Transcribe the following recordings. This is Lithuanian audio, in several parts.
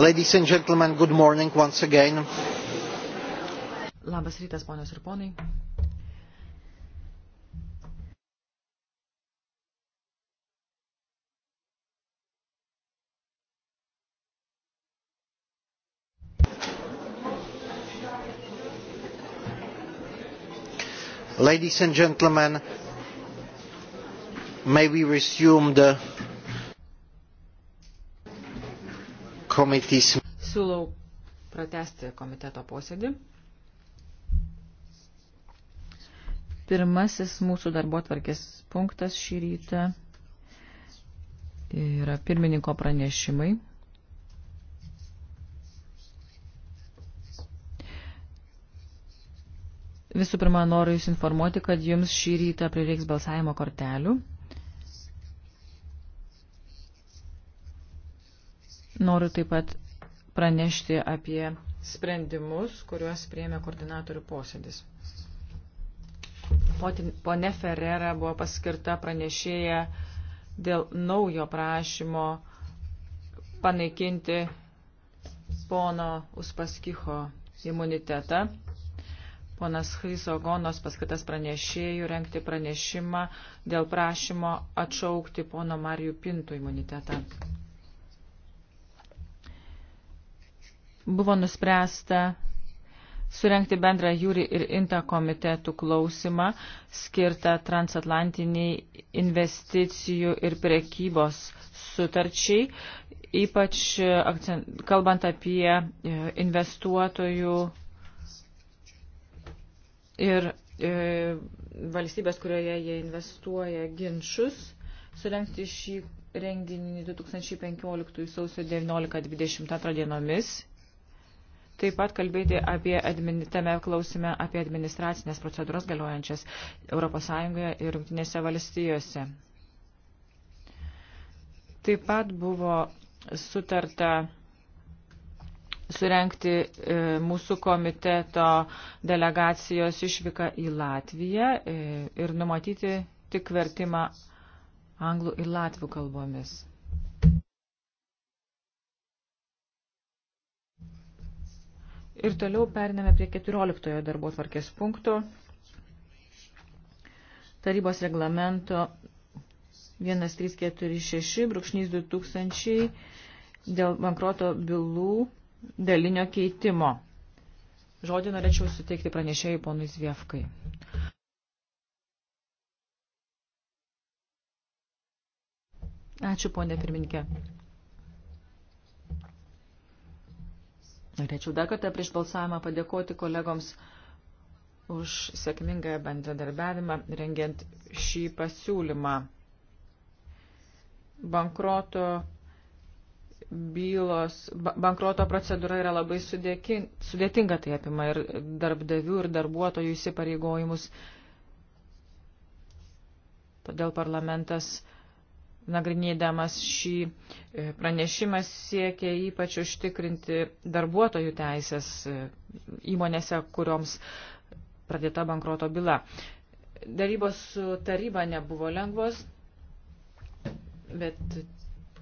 Ladies and gentlemen, good morning once again. Labas rytas, ponios ir ponai. Ladies and gentlemen, may we resume the committee's. Siūlau pratesti komiteto posėdį. Pirmasis mūsų darbo tvarkės punktas šį rytą yra pirmininko pranešimai. Visų pirma, noriu Jūs informuoti, kad Jums šį rytą prireiks balsavimo kortelių. Noriu taip pat pranešti apie sprendimus, kuriuos prieėmė koordinatorių posėdis. Pone Ferrera buvo paskirta pranešėja dėl naujo prašymo panaikinti pono Uspaskicho imunitetą. Ponas Chrysogonos paskatas pranešėjų renkti pranešimą dėl prašymo atšaukti pono Marijų Pintų imunitetą. buvo nuspręsta surenkti bendrą jūrį ir intą komitetų klausimą skirtą transatlantiniai investicijų ir prekybos sutarčiai, ypač kalbant apie e, investuotojų ir e, valstybės, kurioje jie investuoja ginčius, surenkti šį renginį 2015 sausio 19-22 dienomis taip pat kalbėti apie tame klausime apie administracinės procedūras galiojančias ES ir Junktinėse valstijose. Taip pat buvo sutarta surenkti e, mūsų komiteto delegacijos išvyką į Latviją e, ir numatyti tik vertimą anglų ir latvių kalbomis. Ir toliau periname prie 14 darbo tvarkės punkto tarybos reglamento 1346 brūkšnys 2000 dėl bankroto bylų dalinio keitimo. Žodį norėčiau suteikti pranešėjai ponui Zviefkai. Ačiū, ponė pirminkė. Norėčiau dar kartą prieš balsavimą padėkoti kolegoms už sėkmingą bendradarbiavimą rengiant šį pasiūlymą. Bankroto bylos, bankroto procedūra yra labai sudėtinga, tai apima ir darbdavių, ir darbuotojų įsipareigojimus. Todėl parlamentas uh, nagrinėdamas šį e, pranešimą siekia ypač užtikrinti darbuotojų teisės e, įmonėse, kurioms pradėta bankroto byla. Darybos su taryba nebuvo lengvos, bet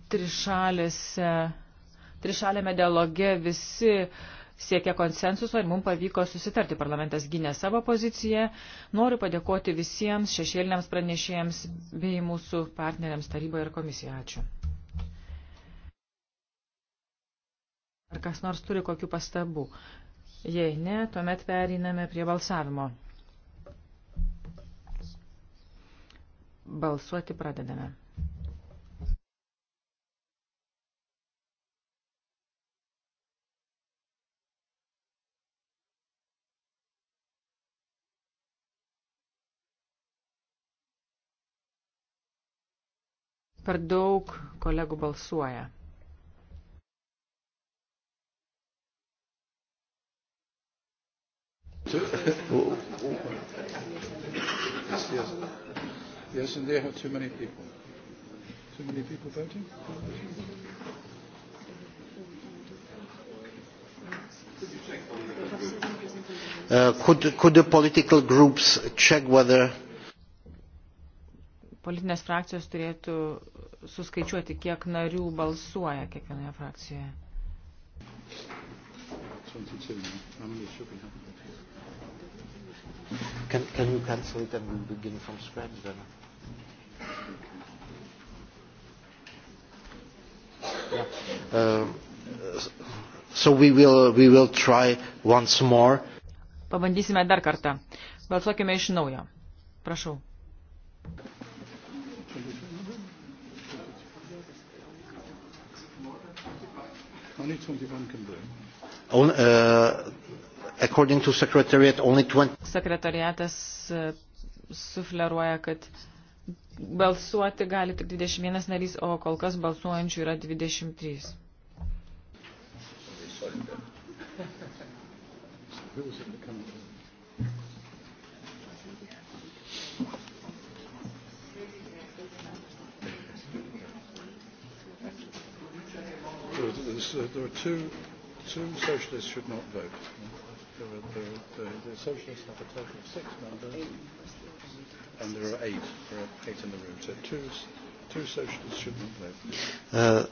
trišalėse, trišalėme dialoge visi uh, siekė konsensuso ir mums pavyko susitarti. Parlamentas gynė savo poziciją. Noriu padėkoti visiems šešėliniams pranešėjams bei mūsų partneriams taryboje ir komisijoje. Ačiū. Ar kas nors turi kokių pastabų? Jei ne, tuomet periname prie balsavimo. Balsuoti pradedame. Per daug kolegų balsuoja. yes. Yes, and they have too many people. Too many people voting? Uh, could, could the political groups check whether politinės frakcijos turėtų suskaičiuoti, kiek narių balsuoja kiekvienoje frakcijoje. Can, can you cancel it and we'll begin from scratch then? Yeah. Uh, so we will, we will try once more. Pabandysime dar kartą. Balsuokime iš naujo. Prašau. Only 21 can do it. On, uh, according to secretariat, only 20. Sekretariatas uh, sufleruoja, kad balsuoti gali tik 21 narys, o kol kas balsuojančių yra 23. Who was in the country? was uh, there were two two socialists should not vote. There were, there were, the, the socialists have a total of six members, and there are eight. There are eight in the room. So two two socialists should not vote. Uh,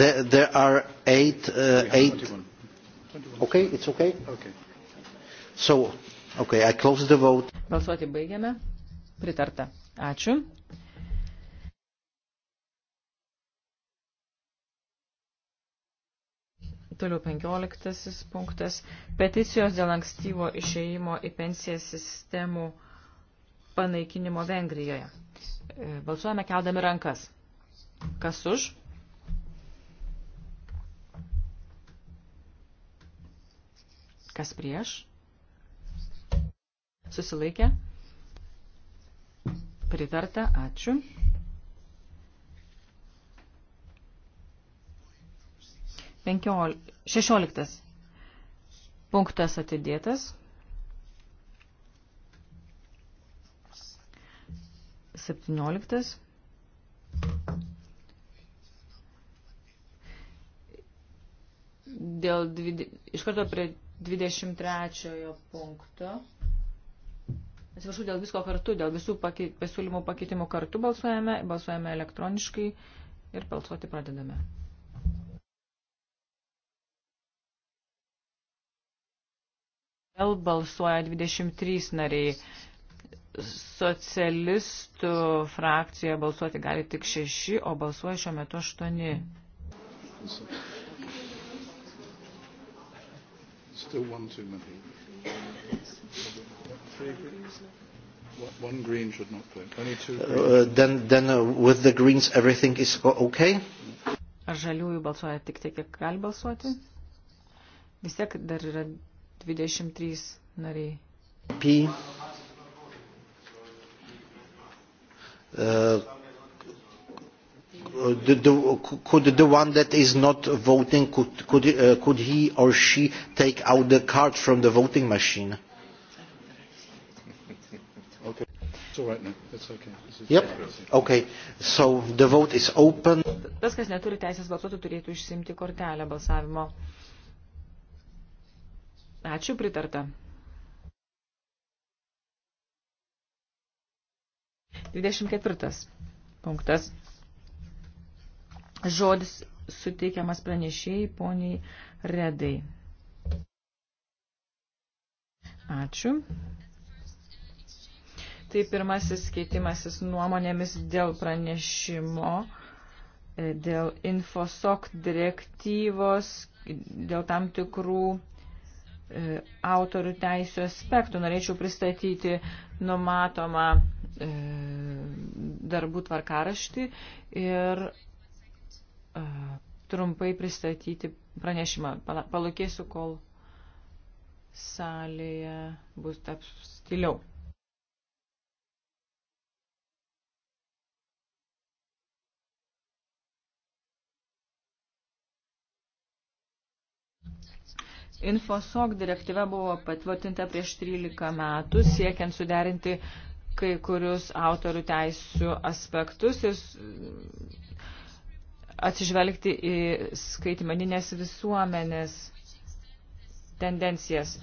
there, there are eight uh, eight. 21. 21. Okay, it's okay. Okay. So, okay, I close the vote. Balsuoti baigiame. Pritarta. Ačiū. Toliau penkioliktasis punktas. Peticijos dėl ankstyvo išeimo į pensiją sistemų panaikinimo Vengrijoje. E, balsuojame keldami rankas. Kas už? Kas prieš? Susilaikė? Pritarta, ačiū. Penkiol... Šešioliktas punktas atidėtas. Septynioliktas. Dėl dvide... iš karto prie 23 punkto. Atsiprašau, dėl visko kartu, dėl visų pake, pasiūlymų pakeitimų kartu balsuojame, balsuojame elektroniškai ir balsuoti pradedame. Vėl balsuoja 23 nariai. Socialistų frakcija balsuoti gali tik 6, o balsuoja šiuo metu 8. Still one too many. Three greens left. One green should not vote. Only two uh, greens. Uh, then then uh, with the greens everything is okay? Ar žaliųjų balsuoja tik tiek, kiek gali balsuoti? Vis tiek dar yra 23 nariai. P. Uh, the, the, could the one that is not voting could could uh, could he or she take out the card from the voting machine? Okay, it's all right now. It's okay. It's yep. Okay. So the vote is open. Tas, kas neturi teisės balsuoti, turėtų išsimti kortelę balsavimo Ačiū pritarta. 24. Punktas. Žodis suteikiamas pranešėjai poniai Redai. Ačiū. Tai pirmasis keitimasis nuomonėmis dėl pranešimo, e, dėl infosok direktyvos, dėl tam tikrų E, autorių teisų aspektų. Norėčiau pristatyti numatomą e, darbų tvarkaraštį ir e, trumpai pristatyti pranešimą. Palūkėsiu, kol salėje bus taps stiliau. Infosok direktyva buvo patvirtinta prieš 13 metų, siekiant suderinti kai kurius autorių teisų aspektus ir atsižvelgti į skaitmeninės visuomenės tendencijas.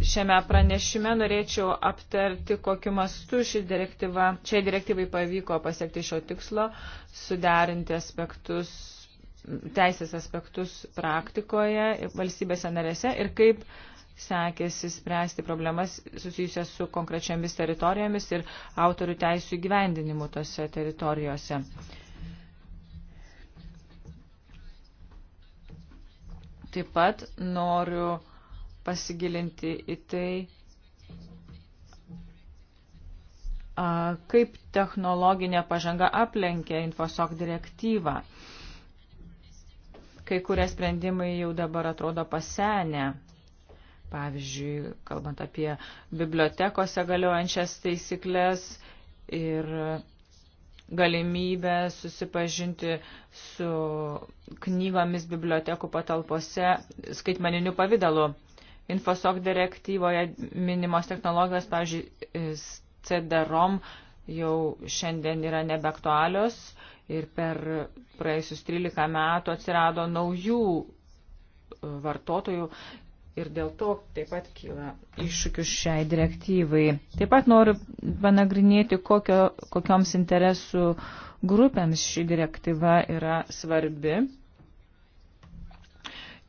Šiame pranešime norėčiau aptarti, kokiu mastu ši direktyva, šiai direktyvai pavyko pasiekti šio tikslo, suderinti aspektus teisės aspektus praktikoje valstybėse narėse ir kaip sekėsi spręsti problemas susijusias su konkrečiamis teritorijomis ir autorių teisų įgyvendinimu tose teritorijose. Taip pat noriu pasigilinti į tai, kaip technologinė pažanga aplenkė infosok direktyvą. Kai kurie sprendimai jau dabar atrodo pasenę. Pavyzdžiui, kalbant apie bibliotekose galiojančias taisyklės ir galimybę susipažinti su knygomis bibliotekų patalpose skaitmeniniu pavydalu. Infosok direktyvoje minimos technologijos, pavyzdžiui, CD-ROM jau šiandien yra nebeaktualios ir per praėjusius 13 metų atsirado naujų e, vartotojų ir dėl to taip pat kyla iššūkių šiai direktyvai. Taip pat noriu panagrinėti, kokio, kokioms interesų grupėms ši direktyva yra svarbi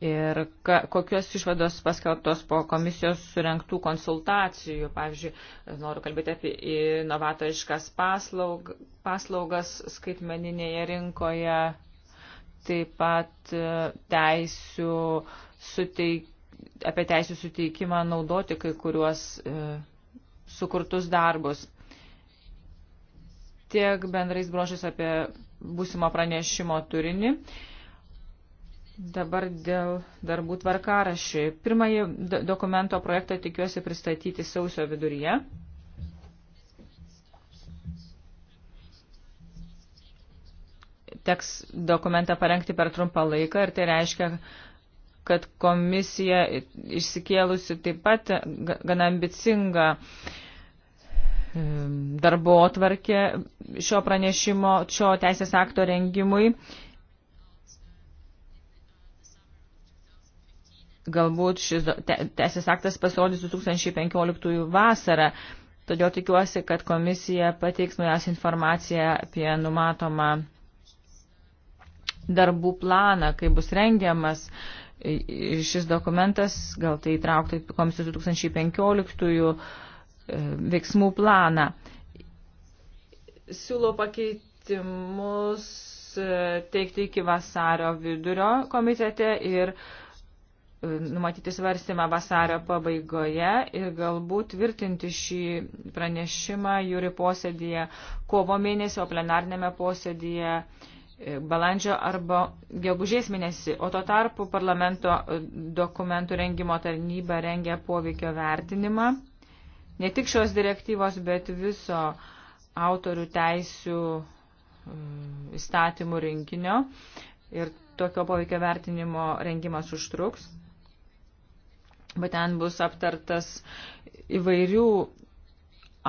ir ka, kokios išvados paskelbtos po komisijos surenktų konsultacijų. Pavyzdžiui, noriu kalbėti apie inovatoriškas paslaug, paslaugas skaitmeninėje rinkoje, taip pat e, teisių suteik, apie teisų suteikimą naudoti kai kuriuos e, sukurtus darbus. Tiek bendrais brožais apie būsimo pranešimo turinį. E, Dabar dėl darbų tvarkarašiui. Pirmąjį dokumento projektą tikiuosi pristatyti sausio viduryje. Teks dokumentą parengti per trumpą laiką ir tai reiškia, kad komisija išsikėlusi taip pat gana ambicingą darbo atvarkę šio pranešimo, šio teisės akto rengimui Galbūt šis teisės aktas pasirodys 2015 vasarą. Todėl tikiuosi, kad komisija pateiks naujas informaciją apie numatomą darbų planą, kai bus rengiamas šis dokumentas, gal tai įtraukta į komisijos 2015 e, veiksmų planą. Siūlau pakeitimus e, teikti iki vasario vidurio komitete ir numatyti svarstymą vasario pabaigoje ir galbūt tvirtinti šį pranešimą jūri posėdėje kovo mėnesio, o plenarnėme posėdėje e, balandžio arba gegužės mėnesį. O tuo tarpu parlamento e, dokumentų rengimo tarnyba rengia poveikio vertinimą. Ne tik šios direktyvos, bet viso autorių teisių e, įstatymų rinkinio. Ir tokio poveikio vertinimo rengimas užtruks bet ten bus aptartas įvairių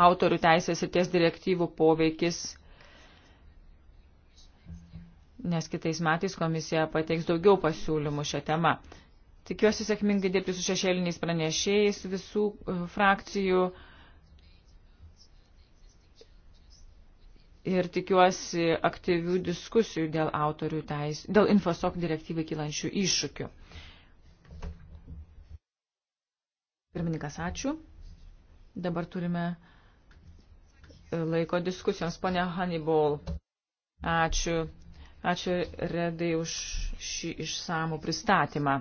autorių teisės ir ties direktyvų poveikis, nes kitais metais komisija pateiks daugiau pasiūlymų šią temą. Tikiuosi sėkmingai dirbti su šešėliniais pranešėjais visų e, frakcijų ir tikiuosi aktyvių diskusijų dėl autorių teisų, dėl infosok direktyvai kylančių iššūkių. Pirmininkas, ačiū. Dabar turime e, laiko diskusijoms. Pone Hannibal, ačiū. Ačiū Redai už šį išsamų pristatymą.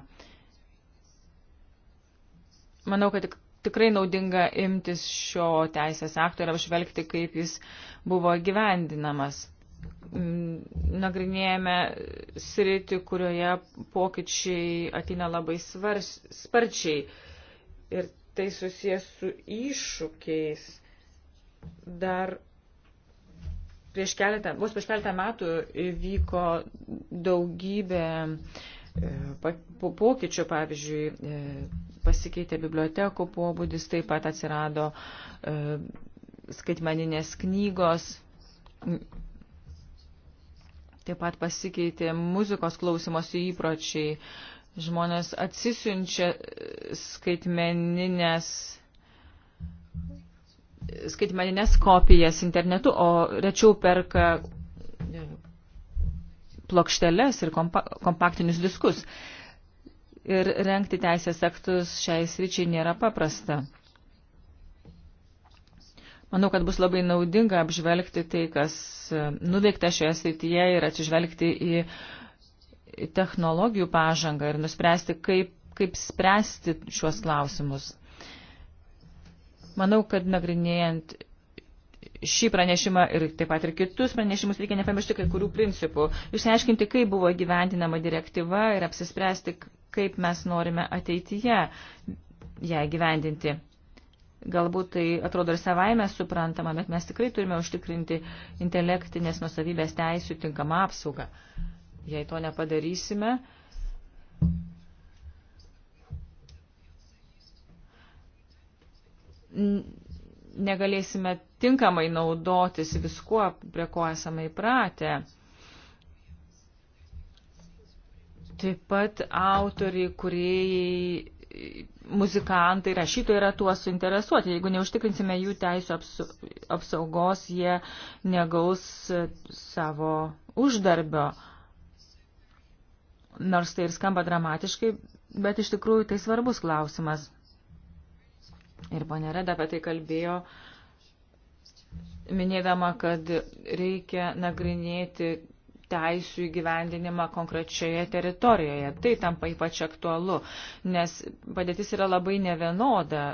Manau, kad tik, tikrai naudinga imtis šio teisės akto ir apžvelgti, kaip jis buvo gyvendinamas. Mm, nagrinėjame sritį, kurioje pokyčiai ateina labai svars, sparčiai ir tai susijęs su iššūkiais. Dar prieš keletą, vos prieš keletą metų vyko daugybė e, pokyčių, pavyzdžiui, e, pasikeitė bibliotekų pobūdis, taip pat atsirado e, skaitmeninės knygos, taip pat pasikeitė muzikos klausimosi įpročiai, Žmonės atsisiunčia skaitmeninės skaitmeninės kopijas internetu, o rečiau perka e, plokšteles ir kompa kompaktinius diskus. Ir renkti teisės aktus šiai sričiai nėra paprasta. Manau, kad bus labai naudinga apžvelgti tai, kas e, nuveikta šioje srityje ir atsižvelgti į technologijų pažangą ir nuspręsti, kaip, kaip spręsti šiuos klausimus. Manau, kad nagrinėjant šį pranešimą ir taip pat ir kitus pranešimus reikia nepamiršti kai kurių principų, išsiaiškinti, kaip buvo gyventinama direktyva ir apsispręsti, kaip mes norime ateityje ją gyvendinti. Galbūt tai atrodo ir savaime suprantama, bet mes tikrai turime užtikrinti intelektinės nusavybės teisų tinkamą apsaugą. Jei to nepadarysime, negalėsime tinkamai naudotis viskuo, prie ko esame įpratę. Taip pat autoriai, kuriejai, muzikantai, rašytojai yra tuo suinteresuoti. Jeigu neužtikrinsime jų teisų apsaugos, jie negaus savo uždarbio nors tai ir skamba dramatiškai, bet iš tikrųjų tai svarbus klausimas. Ir ponė Reda apie tai kalbėjo, minėdama, kad reikia nagrinėti teisų įgyvendinimą konkrečioje teritorijoje. Tai tampa ypač aktualu, nes padėtis yra labai nevienoda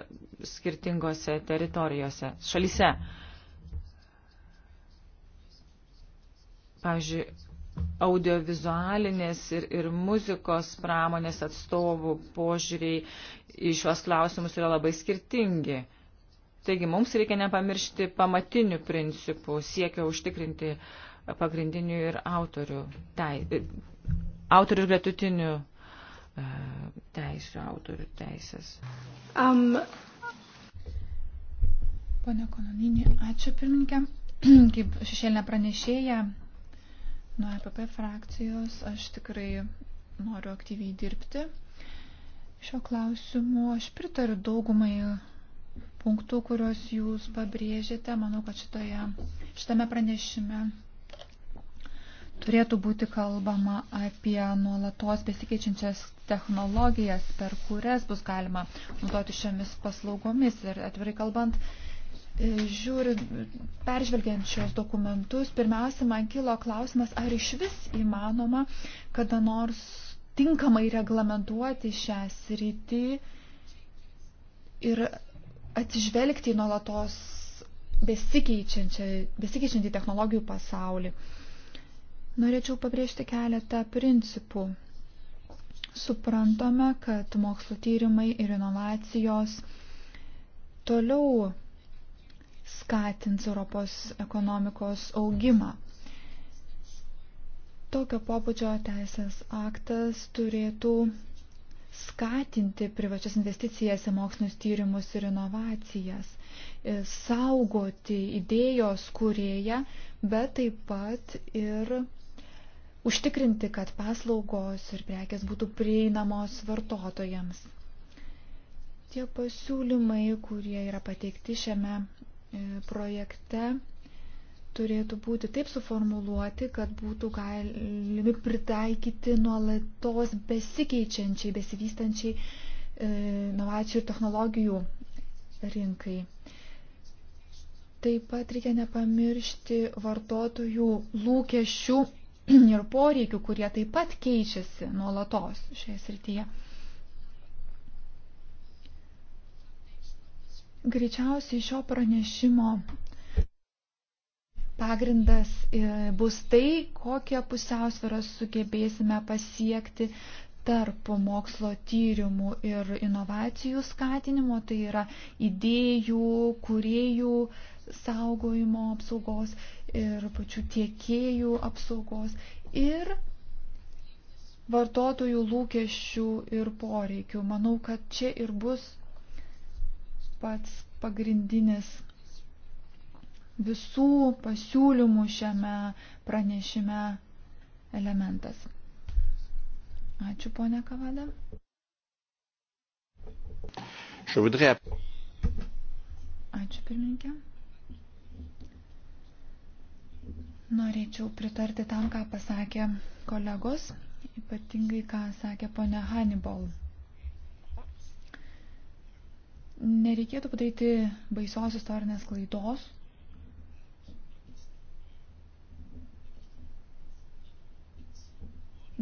skirtingose teritorijose, šalyse. Pavyzdžiui, audiovizualinės ir, ir muzikos pramonės atstovų požiūriai į šios klausimus yra labai skirtingi. Taigi mums reikia nepamiršti pamatinių principų, siekia užtikrinti pagrindinių ir autorių, tai, autorių ir gretutinių e, teisų, autorių teisės. Um. Pane Kononinį, ačiū pirmininkė. Kaip šešėlinė pranešėja, Nuo EPP frakcijos aš tikrai noriu aktyviai dirbti. Šio klausimu aš pritariu daugumai punktų, kuriuos jūs pabrėžėte. Manau, kad šitoje, šitame pranešime turėtų būti kalbama apie nuolatos besikeičiančias technologijas, per kurias bus galima naudoti šiomis paslaugomis. Ir atvirai kalbant, žiūrint, peržvelgiant šios dokumentus, pirmiausia, man kilo klausimas, ar iš vis įmanoma kada nors tinkamai reglamentuoti šią sritį ir atsižvelgti į nuolatos besikeičiantį technologijų pasaulį. Norėčiau pabrėžti keletą principų. Suprantame, kad mokslo tyrimai ir inovacijos toliau skatins Europos ekonomikos augimą. Tokio pobūdžio teisės aktas turėtų skatinti privačias investicijas į mokslinius tyrimus ir inovacijas, saugoti idėjos kurieje, bet taip pat ir užtikrinti, kad paslaugos ir prekės būtų prieinamos vartotojams. Tie pasiūlymai, kurie yra pateikti šiame E, projekte turėtų būti taip suformuluoti, kad būtų galimi pritaikyti nuolatos besikeičiančiai, besivystančiai e, inovacijų ir technologijų rinkai. Taip pat reikia nepamiršti vartotojų lūkesčių ir poreikių, kurie taip pat keičiasi nuolatos šioje srityje. Greičiausiai šio pranešimo pagrindas e, bus tai, kokią pusiausvyrą sugebėsime pasiekti tarp mokslo tyrimų ir inovacijų skatinimo, tai yra idėjų, kuriejų saugojimo apsaugos ir pačių tiekėjų apsaugos ir vartotojų lūkesčių ir poreikių. Manau, kad čia ir bus pats pagrindinis visų pasiūlymų šiame pranešime elementas. Ačiū, ponė Kavada. Ačiū, pirmininkė. Norėčiau pritarti tam, ką pasakė kolegos, ypatingai ką sakė ponė Hannibal. Nereikėtų padaryti baisios istorinės klaidos.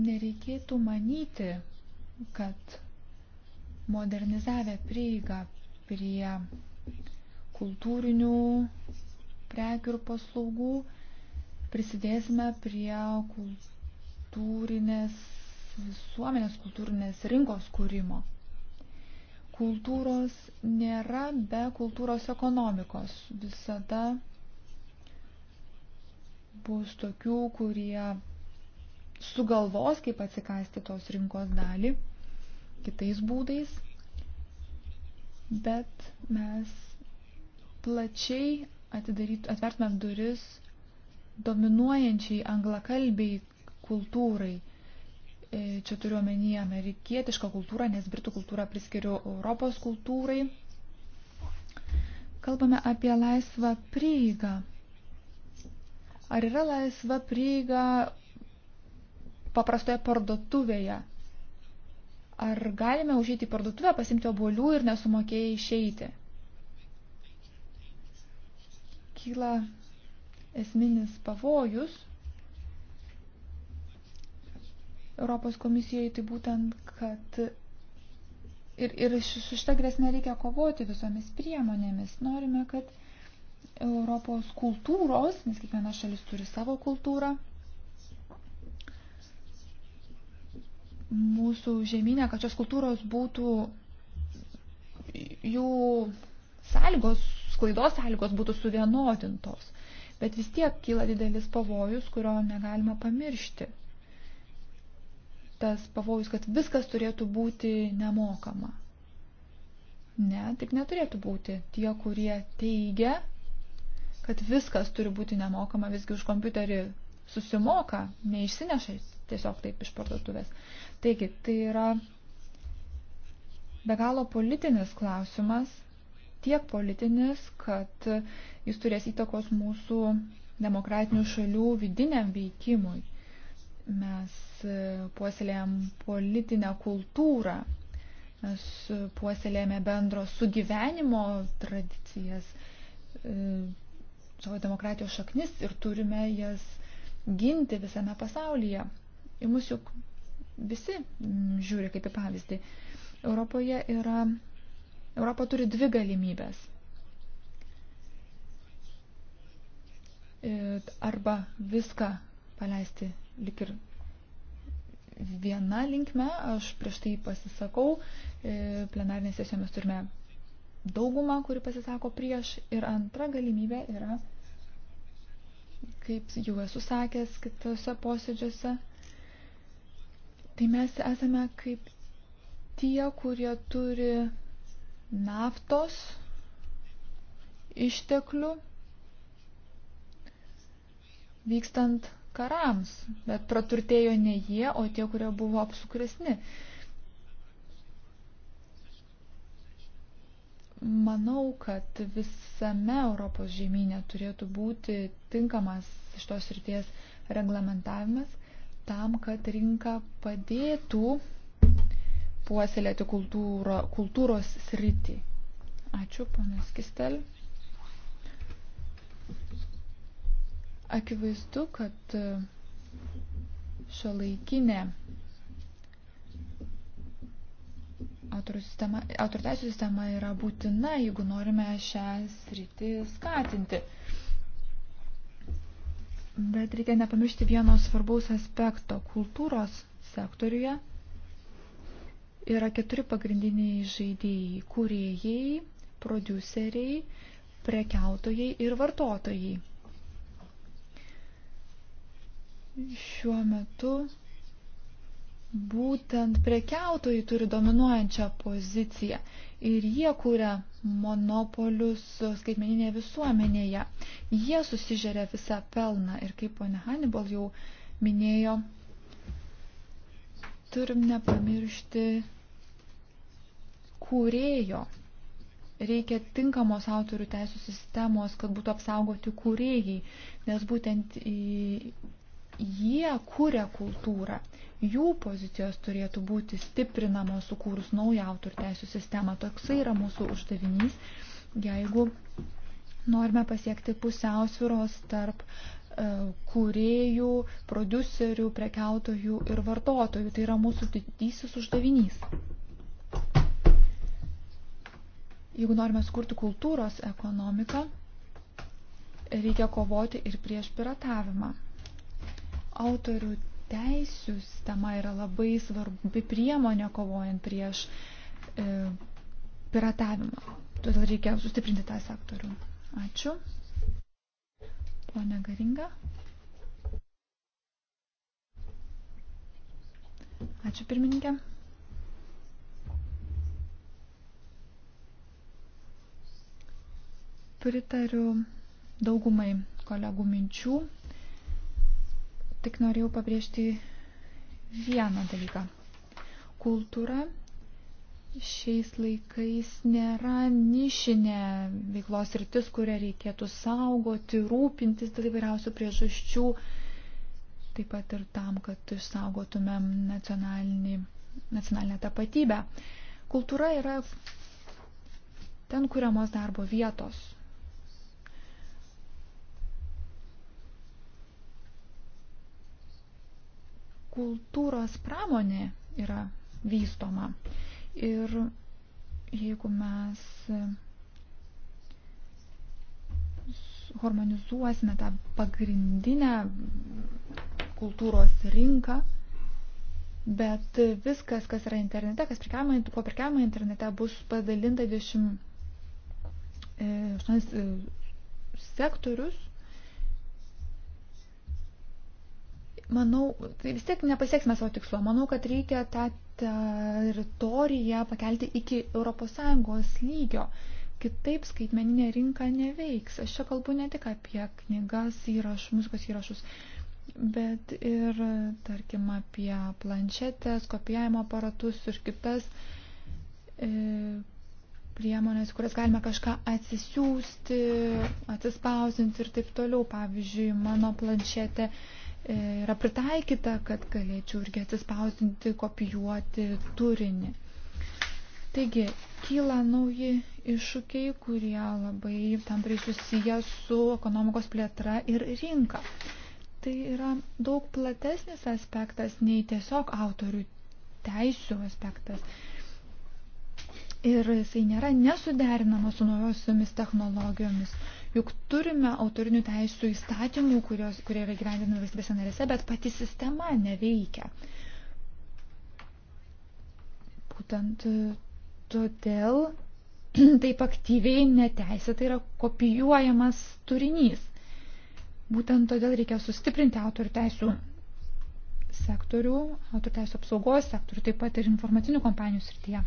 Nereikėtų manyti, kad modernizavę prieigą prie kultūrinių prekių ir paslaugų prisidėsime prie kultūrinės visuomenės, kultūrinės rinkos kūrimo kultūros nėra be kultūros ekonomikos. Visada bus tokių, kurie sugalvos, kaip atsikasti tos rinkos dalį kitais būdais, bet mes plačiai atidaryt, atvertumėm duris dominuojančiai anglakalbiai kultūrai E, čia turiu omenyje amerikietišką kultūrą, nes britų kultūrą priskiriu Europos kultūrai. Kalbame apie laisvą prieigą. Ar yra laisva prieiga paprastoje parduotuvėje? Ar galime užėti į parduotuvę, pasimti obolių ir nesumokėjai išeiti? Kyla esminis pavojus, Europos komisijoje, tai būtent, kad ir, ir su šita grėsme reikia kovoti visomis priemonėmis. Norime, kad Europos kultūros, nes kiekviena šalis turi savo kultūrą, mūsų žemynė, kad šios kultūros būtų jų sąlygos, sklaidos sąlygos būtų suvienodintos. Bet vis tiek kyla didelis pavojus, kurio negalima pamiršti tas pavojus, kad viskas turėtų būti nemokama. Ne, taip neturėtų būti. Tie, kurie teigia, kad viskas turi būti nemokama, visgi už kompiuterį susimoka, neišsineša tiesiog taip iš parduotuvės. Taigi, tai yra be galo politinis klausimas, tiek politinis, kad jis turės įtakos mūsų demokratinių šalių vidiniam veikimui. Mes e, puoselėjam politinę kultūrą, mes puoselėjame bendro sugyvenimo tradicijas, e, savo demokratijos šaknis ir turime jas ginti visame pasaulyje. Į mus juk visi mm, žiūri kaip į pavyzdį. Europoje yra, Europa turi dvi galimybės. E, arba viską paleisti lik ir viena linkme, aš prieš tai pasisakau, e, plenarinė sesija mes turime daugumą, kuri pasisako prieš ir antra galimybė yra, kaip jau esu sakęs kitose posėdžiuose, tai mes esame kaip tie, kurie turi naftos išteklių vykstant karams, bet praturtėjo ne jie, o tie, kurie buvo apsukresni. Manau, kad visame Europos žemynė turėtų būti tinkamas šitos ryties reglamentavimas tam, kad rinka padėtų puoselėti kultūro, kultūros sritį. Ačiū, ponas Kistel. Akivaizdu, kad e, šio laikinė autorių teisų sistema yra būtina, jeigu norime šią sritį skatinti. Bet reikia nepamiršti vieno svarbaus aspekto. Kultūros sektoriuje yra keturi pagrindiniai žaidėjai - kūrėjai, produceriai, prekiautojai ir vartotojai šiuo metu būtent prekiautojai turi dominuojančią poziciją ir jie kūrė monopolius skaitmeninėje visuomenėje. Jie susižeria visą pelną ir kaip ponė Hannibal jau minėjo, turim nepamiršti kūrėjo. Reikia tinkamos autorių teisų sistemos, kad būtų apsaugoti kūrėjai, nes būtent į jie kūrė kultūrą. Jų pozicijos turėtų būti stiprinamos sukūrus naują autorių teisų sistemą. Toksai yra mūsų uždavinys, jeigu norime pasiekti pusiausviros tarp e, kūrėjų, producerių, prekiautojų ir vartotojų. Tai yra mūsų didysis uždavinys. Jeigu norime skurti kultūros ekonomiką, reikia kovoti ir prieš piratavimą. Autorių teisių sistema yra labai svarbi priemonė kovojant prieš e, piratavimą. Todėl reikia sustiprinti tą sektorių. Ačiū. Pone Garinga. Ačiū pirmininkė. Pritariu daugumai kolegų minčių Tik norėjau pabrėžti vieną dalyką. Kultūra šiais laikais nėra nišinė veiklos rytis, kurią reikėtų saugoti, rūpintis dėl įvairiausių priežasčių, taip pat ir tam, kad išsaugotumėm nacionalinę tapatybę. Kultūra yra ten kuriamos darbo vietos. kultūros pramonė yra vystoma. Ir jeigu mes harmonizuosime tą pagrindinę kultūros rinką, bet viskas, kas yra internete, kas prekiama, ko prekiama internete, bus padalinta 28 e, e, sektorius manau, tai vis tiek nepasieksime savo tikslo. Manau, kad reikia tą teritoriją pakelti iki ES lygio. Kitaip skaitmeninė rinka neveiks. Aš čia kalbu ne tik apie knygas, įraš, muzikos įrašus, bet ir, tarkim, apie planšetės, kopijavimo aparatus ir kitas e, priemonės, kurias galime kažką atsisiųsti, atsispausinti ir taip toliau. Pavyzdžiui, mano planšetė e, yra pritaikyta, kad galėčiau irgi atsispausdinti, kopijuoti turinį. Taigi, kyla nauji iššūkiai, kurie labai tamprai susiję su ekonomikos plėtra ir rinka. Tai yra daug platesnis aspektas nei tiesiog autorių teisų aspektas. Ir jisai nėra nesuderinamas su naujosiomis technologijomis. Juk turime autorinių teisų įstatymų, kurios, kurie yra gyvendinami valstybėse narėse, bet pati sistema neveikia. Būtent e, todėl taip aktyviai neteisėtai yra kopijuojamas turinys. Būtent todėl reikia sustiprinti autorių teisų sektorių, autorių teisų apsaugos sektorių, taip pat ir informacinių kompanijų srityje.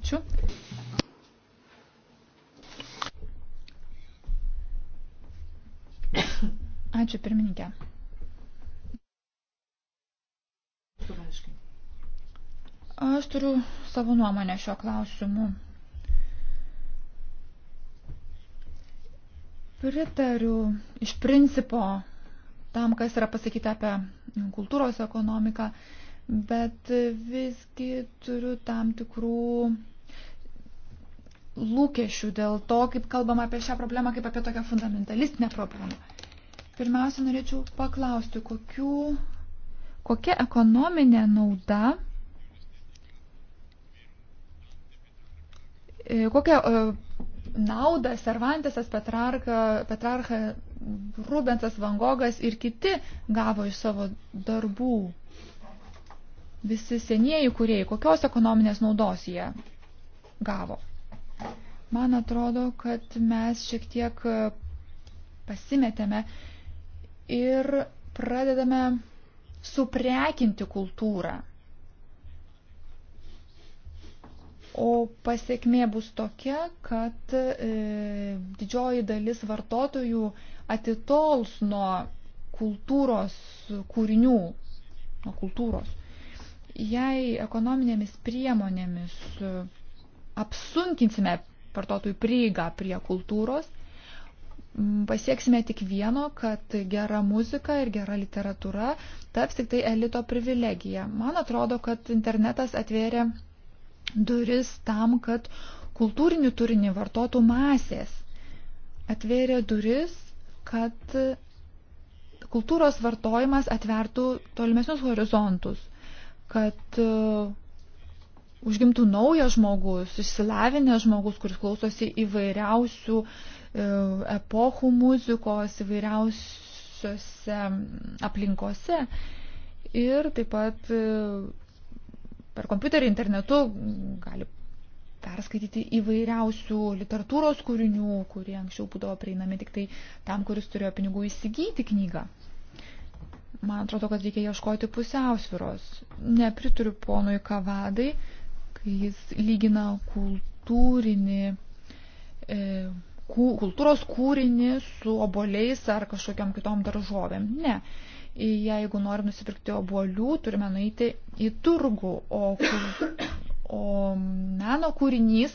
Ačiū. Ačiū pirmininkė. Aš turiu savo nuomonę šio klausimu. Pritariu iš principo tam, kas yra pasakyta apie kultūros ekonomiką, bet visgi turiu tam tikrų lūkesčių dėl to, kaip kalbam apie šią problemą, kaip apie tokią fundamentalistinę problemą. Pirmiausia, norėčiau paklausti, kokiu, kokia ekonominė nauda, e, kokią e, naudą Servantesas, Petrarka, Petrarcha, Rubensas, Van Gogas ir kiti gavo iš savo darbų. Visi senieji kuriejai, kokios ekonominės naudos jie gavo. Man atrodo, kad mes šiek tiek e, pasimetėme ir pradedame suprekinti kultūrą. O pasiekmė bus tokia, kad e, didžioji dalis vartotojų atitols nuo kultūros kūrinių, nuo kultūros. Jei ekonominėmis priemonėmis apsunkinsime vartotojų prieigą prie kultūros, Mm, pasieksime tik vieno, kad gera muzika ir gera literatūra taps tik tai elito privilegija. Man atrodo, kad internetas atvėrė duris tam, kad kultūrinį turinį vartotų masės. Atvėrė duris, kad kultūros vartojimas atvertų tolimesnius horizontus, kad uh, užgimtų naujas žmogus, išsilavinęs žmogus, kuris klausosi įvairiausių uh, epochų muzikos įvairiausiose aplinkose. Ir taip pat e, per kompiuterį internetu gali perskaityti įvairiausių literatūros kūrinių, kurie anksčiau būdavo prieinami tik tai tam, kuris turėjo pinigų įsigyti knygą. Man atrodo, kad reikia ieškoti pusiausviros. Neprituriu ponui Kavadai, kai jis lygina kultūrinį e, kultūros kūrinį su oboliais ar kažkokiam kitom daržovėm. Ne. Jeigu nori nusipirkti obolių, turime nueiti į turgų, o, o meno kūrinys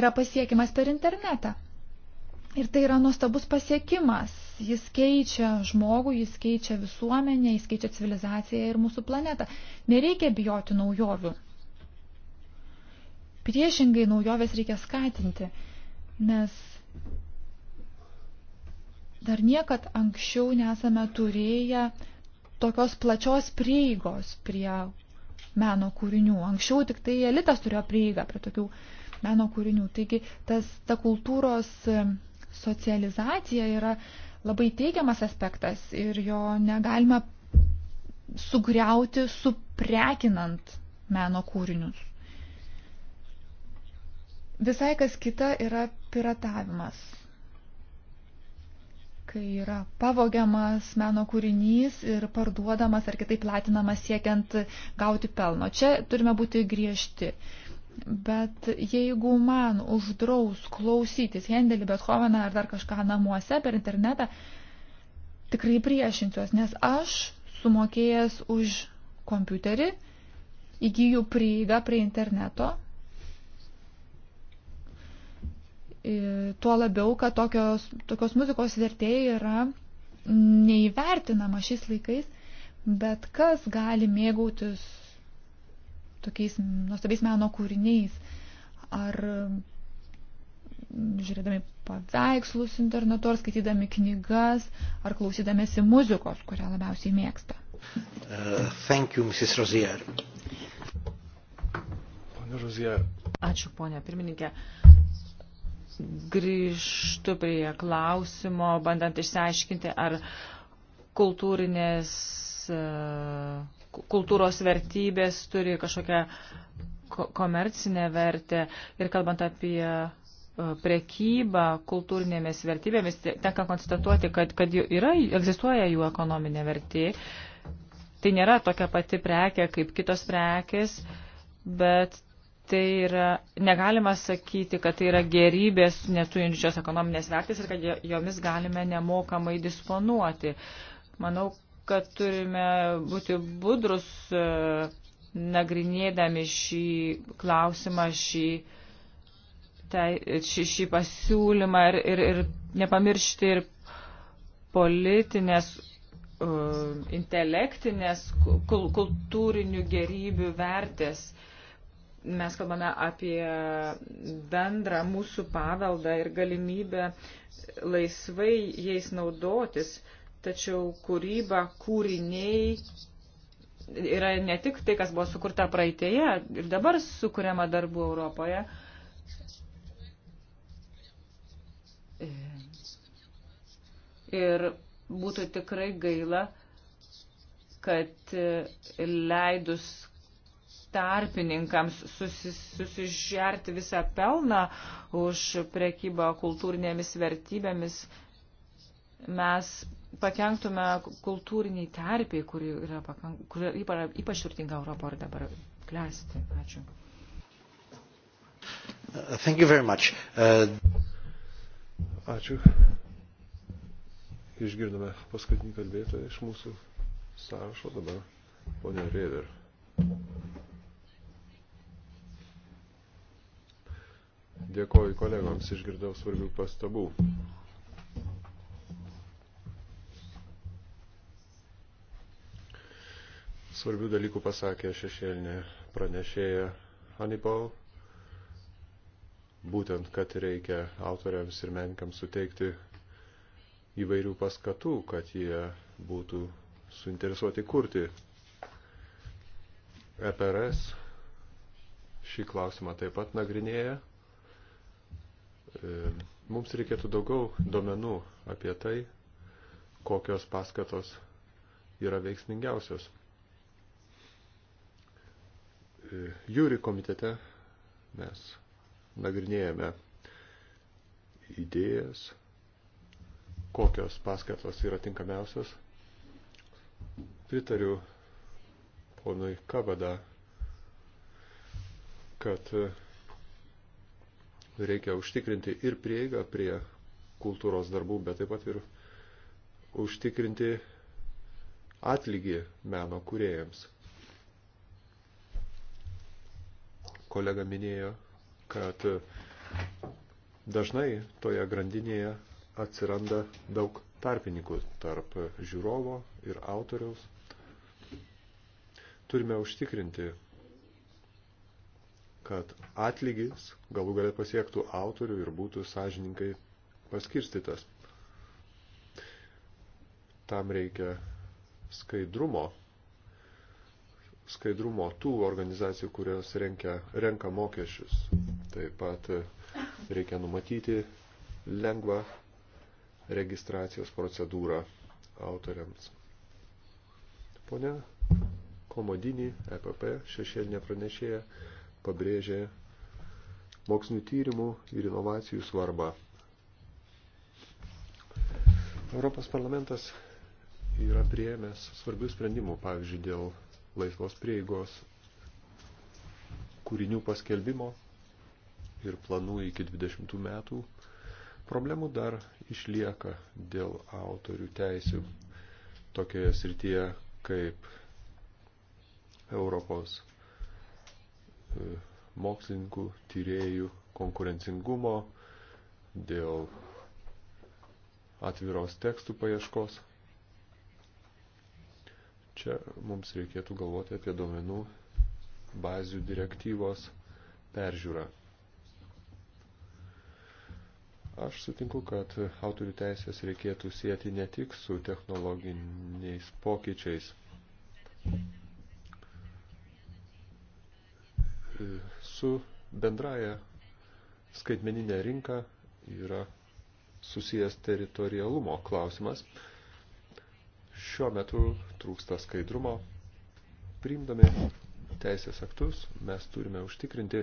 yra pasiekimas per internetą. Ir tai yra nuostabus pasiekimas. Jis keičia žmogų, jis keičia visuomenę, jis keičia civilizaciją ir mūsų planetą. Nereikia bijoti naujovių. Priešingai naujoves reikia skatinti nes dar niekad anksčiau nesame turėję tokios plačios prieigos prie meno kūrinių. Anksčiau tik tai elitas turėjo prieigą prie tokių meno kūrinių. Taigi tas, ta kultūros e, socializacija yra labai teigiamas aspektas ir jo negalima sugriauti, suprekinant meno kūrinius. Visai kas kita yra piratavimas, kai yra pavogiamas meno kūrinys ir parduodamas ar kitaip platinamas siekiant gauti pelno. Čia turime būti griežti. Bet jeigu man uždraus klausytis Hendelį, Bethoveną ar dar kažką namuose per internetą, tikrai priešinsiuos, nes aš sumokėjęs už kompiuterį įgyju prieigą prie interneto Tuo labiau, kad tokios, tokios muzikos vertė yra neįvertinama šiais laikais, bet kas gali mėgautis tokiais nuostabiais meno kūriniais ar žiūrėdami paveikslus internetu, ar skaitydami knygas, ar klausydamėsi muzikos, kurią labiausiai mėgsta. Uh, thank you, Mrs. Rozier. Pone Rozier. Ačiū, ponė pirmininkė grįžtu prie klausimo, bandant išsiaiškinti, ar kultūrinės, e, kultūros vertybės turi kažkokią komercinę vertę ir kalbant apie e, prekybą kultūrinėmis vertybėmis, tenka konstatuoti, kad, kad yra, egzistuoja jų ekonominė vertė. Tai nėra tokia pati prekė kaip kitos prekės, bet tai yra, negalima sakyti, kad tai yra gerybės neturinčios ekonominės vertės ir kad jomis galime nemokamai disponuoti. Manau, kad turime būti budrus e, nagrinėdami šį klausimą, šį, tai, šį, šį pasiūlymą ir, ir, ir nepamiršti ir politinės, uh, intelektinės, kul, kultūrinių gerybių vertės. Uh, mes kalbame apie bendrą mūsų paveldą ir galimybę laisvai jais naudotis, tačiau kūryba, kūriniai yra ne tik tai, kas buvo sukurta praeitėje ir dabar sukuriama darbų Europoje. Ir būtų tikrai gaila, kad leidus tarpininkams susis, susižerti visą pelną už prekybą kultūrinėmis vertybėmis, mes pakenktume kultūriniai terpiai, kuri yra, pakank, kuri yra ypač turtinga Europo ir dabar klesti. Ačiū. Uh, thank you very much. Uh... Ačiū. Išgirdome paskutinį kalbėtoją iš mūsų sąrašo dabar, ponia Rever. Dėkoju kolegoms, išgirdau svarbių pastabų. Svarbių dalykų pasakė šešėlinė pranešėja Hannibal. Būtent, kad reikia autoriams ir menkams suteikti įvairių paskatų, kad jie būtų suinteresuoti kurti. EPRS šį klausimą taip pat nagrinėja. E, mums reikėtų daugiau duomenų apie tai, kokios paskatos yra veiksmingiausios. E, jūri komitete mes nagrinėjame idėjas, kokios paskatos yra tinkamiausios. Pritariu ponui Kabada, kad reikia užtikrinti ir prieigą prie kultūros darbų, bet taip pat ir užtikrinti atlygį meno kūrėjams. Kolega minėjo, kad dažnai toje grandinėje atsiranda daug tarpininkų tarp žiūrovo ir autoriaus. Turime užtikrinti kad atlygis galų galia pasiektų autorių ir būtų sąžininkai paskirstytas. Tam reikia skaidrumo, skaidrumo tų organizacijų, kurios renkia, renka mokesčius. Taip pat reikia numatyti lengvą registracijos procedūrą autoriams. Pone Komodinį, EPP, šešėlinė pranešėja pabrėžė mokslinių tyrimų ir inovacijų svarbą. Europos parlamentas yra prieėmęs svarbių sprendimų, pavyzdžiui, dėl laisvos prieigos kūrinių paskelbimo ir planų iki 20 metų. Problemų dar išlieka dėl autorių teisių tokioje srityje kaip Europos E, mokslininkų, tyriejų konkurencingumo, dėl atviros tekstų paieškos. Čia mums reikėtų galvoti apie duomenų bazių direktyvos peržiūrą. Aš sutinku, kad autorių teisės reikėtų sieti ne tik su technologiniais pokyčiais. Thank you. su bendraja skaitmeninė rinka yra susijęs teritorialumo klausimas. Šiuo metu trūksta skaidrumo. Priimdami teisės aktus mes turime užtikrinti,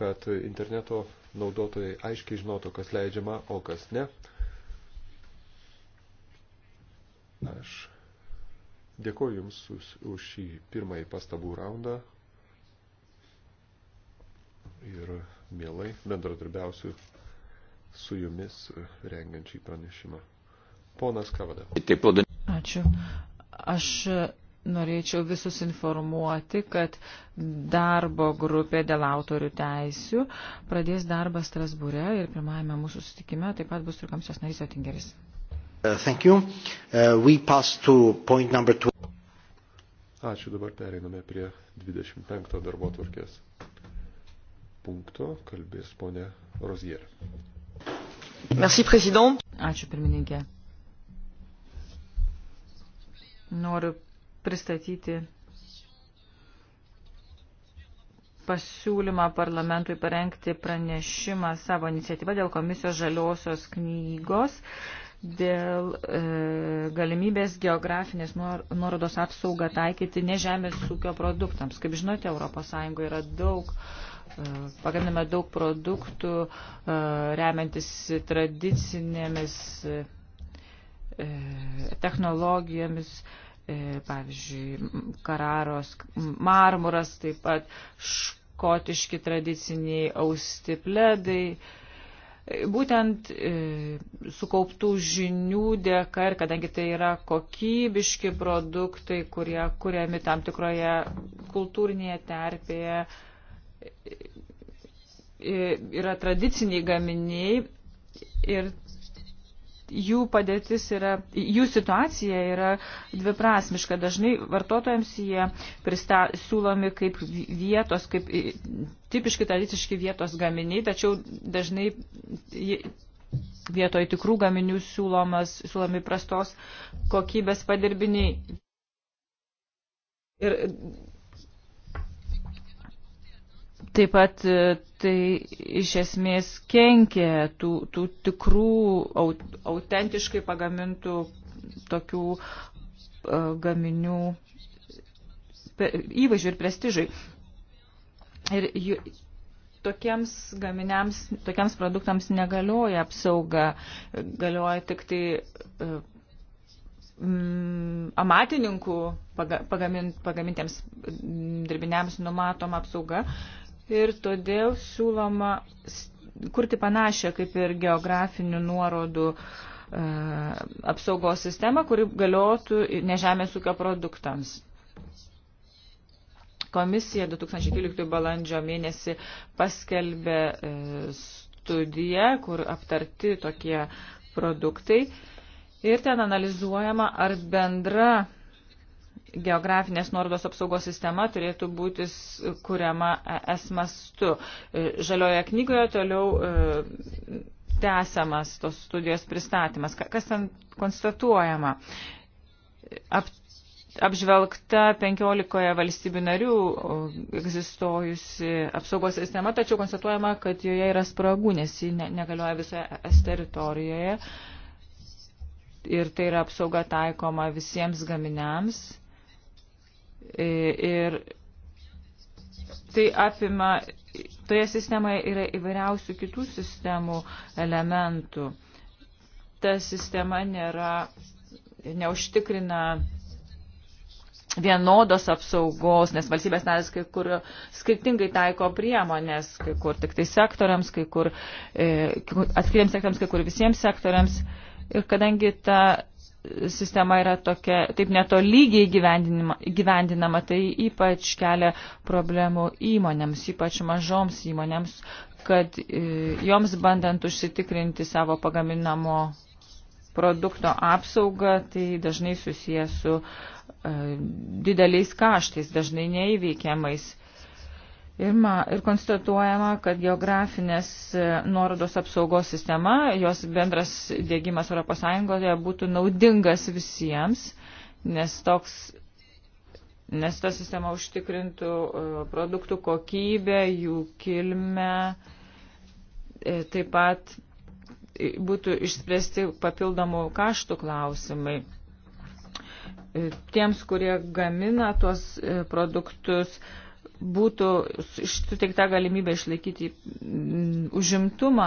kad interneto naudotojai aiškiai žinotų, kas leidžiama, o kas ne. Aš dėkoju Jums už šį pirmąjį pastabų raundą ir mielai bendradarbiausiu su jumis e, rengiančiai pranešimą. Ponas Kavada. Ačiū. Aš norėčiau visus informuoti, kad darbo grupė dėl autorių teisių pradės darbą Strasbūre ir pirmajame mūsų susitikime taip pat bus ir komisijos narys Otingeris. Uh, uh, Ačiū, dabar pereiname prie 25 darbo tvarkės punkto kalbės ponė Rozier. Merci, prezident. Ačiū, pirmininkė. Noriu pristatyti pasiūlymą parlamentui parengti pranešimą savo iniciatyvą dėl komisijos žaliosios knygos, dėl e, galimybės geografinės nuorodos apsaugą taikyti ne žemės ūkio produktams. Kaip žinote, ES yra daug e, pagaminame daug produktų, e, remiantis tradicinėmis e, technologijomis, e, pavyzdžiui, kararos, marmuras, taip pat škotiški tradiciniai austi pledai. Būtent sukauptų žinių dėka ir kadangi tai yra kokybiški produktai, kurie kuriami tam tikroje kultūrinėje terpėje, yra tradiciniai gaminiai ir jų padėtis yra, jų situacija yra dviprasmiška. Dažnai vartotojams jie prista, siūlomi kaip vietos, kaip tipiški tradiciški vietos gaminiai, tačiau dažnai vietoj tikrų gaminių siūlomas, siūlomi prastos kokybės padirbiniai. Ir Taip pat e, tai iš esmės kenkia tų, tų tikrų, aut, autentiškai pagamintų tokių uh, gaminių įvaizdžių ir prestižui. Ir jų, tokiems gaminiams, tokiems produktams negalioja apsauga, galioja tik tai uh, mm, amatininkų paga, pagamint, pagamintiems dirbiniams numatoma apsauga. Uh, ir todėl siūloma kurti panašią kaip ir geografinių nuorodų e, apsaugos sistemą, kuri galiotų nežemės ūkio produktams. Komisija 2013 balandžio mėnesį paskelbė e, studiją, kur aptarti tokie produktai ir ten analizuojama, ar bendra geografinės nuorodos apsaugos sistema turėtų būti kuriama es mastu. E, žalioje knygoje toliau e, tęsiamas tos studijos pristatymas. Kas ten konstatuojama? Ap, apžvelgta 15 valstybių narių egzistuojusi apsaugos sistema, tačiau konstatuojama, kad joje yra spragų, nes ji ne, negalioja visoje es teritorijoje. Ir tai yra apsauga taikoma visiems gaminiams E, ir tai apima, toje sistemoje yra įvairiausių kitų sistemų elementų. Ta sistema nėra, neužtikrina vienodos apsaugos, nes valstybės narės kai kur skirtingai taiko priemonės, kai kur tik tai sektoriams, kai kur e, atskiriams sektoriams, kai kur visiems sektoriams. Ir kadangi ta sistema yra tokia, taip netolygiai gyvendinama, tai ypač kelia problemų įmonėms, ypač mažoms įmonėms, kad e, joms bandant užsitikrinti savo pagaminamo produkto apsaugą, tai dažnai susijęs su e, dideliais kaštais, dažnai neįveikiamais. Ir, ma, ir konstatuojama, kad geografinės e, nuorodos apsaugos sistema, jos bendras dėgymas ES būtų naudingas visiems, nes, toks, nes ta sistema užtikrintų e, produktų kokybę, jų kilmę, e, taip pat būtų išspręsti papildomų kaštų klausimai tiems, kurie gamina tuos produktus, būtų suteikta galimybė išlaikyti mm, užimtumą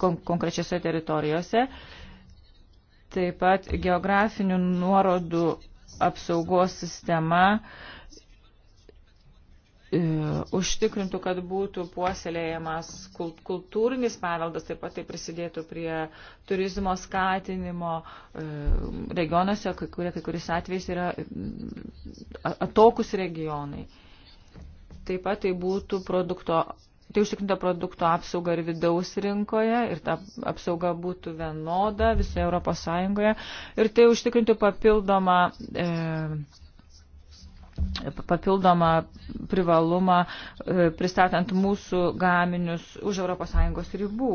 konkrečiose teritorijose, taip pat geografinių nuorodų apsaugos sistema uh, E, užtikrintų, kad būtų puoselėjamas kultūrinis paveldas, taip pat tai prisidėtų prie turizmo skatinimo e, regionuose, kurie kai kuris atvejs yra atokus regionai. Taip pat tai būtų produkto, tai užtikrinta produkto apsauga ir vidaus rinkoje ir ta apsauga būtų vienoda visoje Europos Sąjungoje ir tai užtikrintų papildomą e, papildomą privalumą e, pristatant mūsų gaminius už ES ribų.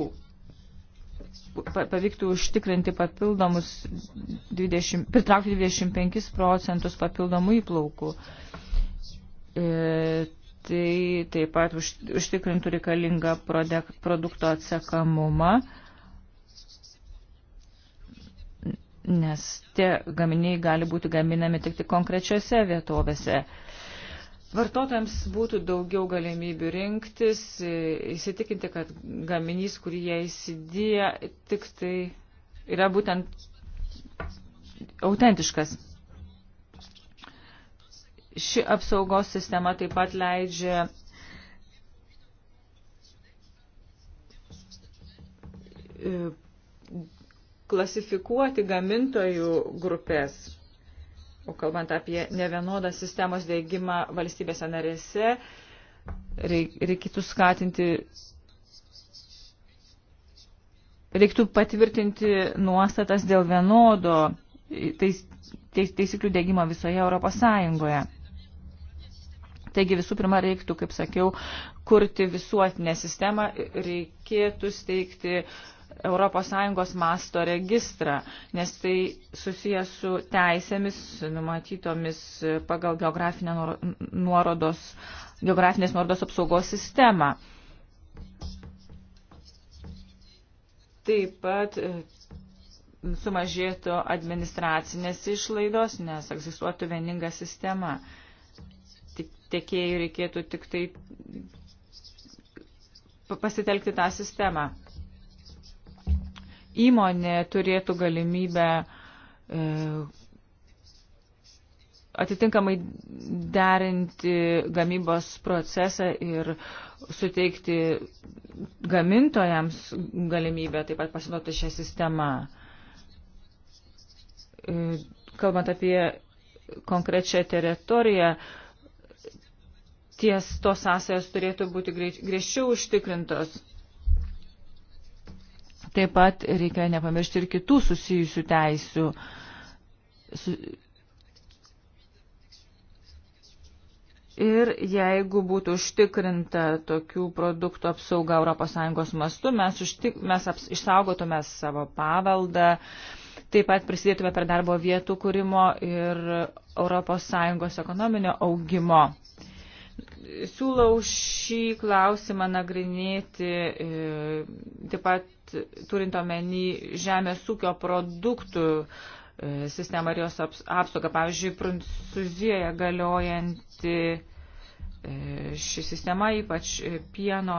Pavyktų užtikrinti papildomus 20, pritraukti 25 procentus papildomų įplaukų. E, tai taip pat už, užtikrintų reikalingą produkto atsekamumą. E, nes tie gaminiai gali būti gaminami tik, tik konkrečiose vietovėse. Vartotojams būtų daugiau galimybių rinktis, įsitikinti, kad gaminys, kurį jie įsidėja, tik tai yra būtent autentiškas. Ši apsaugos sistema taip pat leidžia klasifikuoti gamintojų grupės. O kalbant apie nevienodą sistemos dėgymą valstybėse narėse, reikėtų skatinti, reiktų patvirtinti nuostatas dėl vienodo teis, teis, teisiklių dėgymo visoje Europos Sąjungoje. Taigi visų pirma reiktų, kaip sakiau, kurti visuotinę sistemą, reikėtų steigti uh, ES masto registrą, nes tai susijęs su teisėmis numatytomis pagal geografinę nuorodos, geografinės nuorodos apsaugos sistemą. Taip pat e, sumažėtų administracinės išlaidos, nes egzistuotų vieninga sistema. Tekėjai reikėtų tik tai pasitelkti tą sistemą įmonė turėtų galimybę e, atitinkamai derinti gamybos procesą ir suteikti gamintojams galimybę taip pat pasinaudoti šią sistemą. E, kalbant apie konkrečią teritoriją, ties tos sąsajos turėtų būti griežčiau užtikrintos. Taip pat reikia nepamiršti ir kitų susijusių teisių. Su... Ir jeigu būtų užtikrinta tokių produktų apsauga ES mastu, mes, užtik, mes aps, išsaugotume savo paveldą, taip pat prisidėtume prie darbo vietų kūrimo ir ES ekonominio augimo. Siūlau šį klausimą nagrinėti e, taip pat turint omeny žemės ūkio produktų e, sistemą ir jos apsaugą. Pavyzdžiui, Prancūzijoje galiojanti e, ši sistema, ypač e, pieno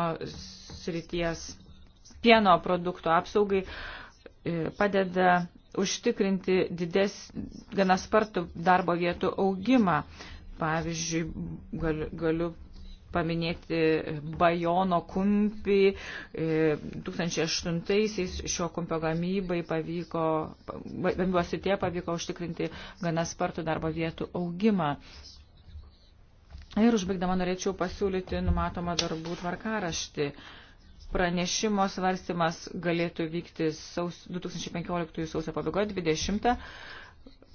srities, pieno produktų apsaugai, padeda užtikrinti dides, gana spartų darbo vietų augimą. Pavyzdžiui, galiu, galiu paminėti Bajono kumpį. 2008-aisiais e, šio kumpio gamybai pavyko, gamybos srityje pavyko užtikrinti gana spartų darbo vietų augimą. Ir užbaigdama norėčiau pasiūlyti numatomą darbų tvarkaraštį pranešimo svarstymas galėtų vykti saus, 2015 sausio pabaigoje 20.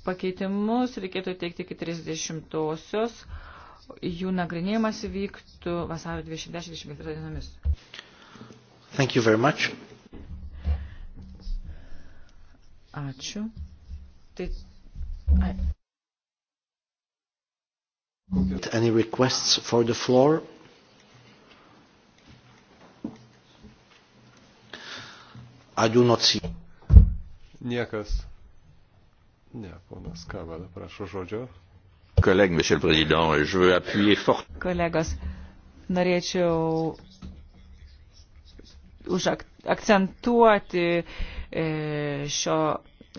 Pakeitimus reikėtų teikti iki 30-osios, jų nagrinėjimas vyktų vasario 20-24 dienomis. Thank you very much. Ačiū. Tai... Ai. Any requests for the floor? I do not see. Niekas. Ne, ponas Kavala, prašau žodžio. Koleg, monsieur le président, je veux appuyer fort. Kolegos, norėčiau akcentuoti e, šio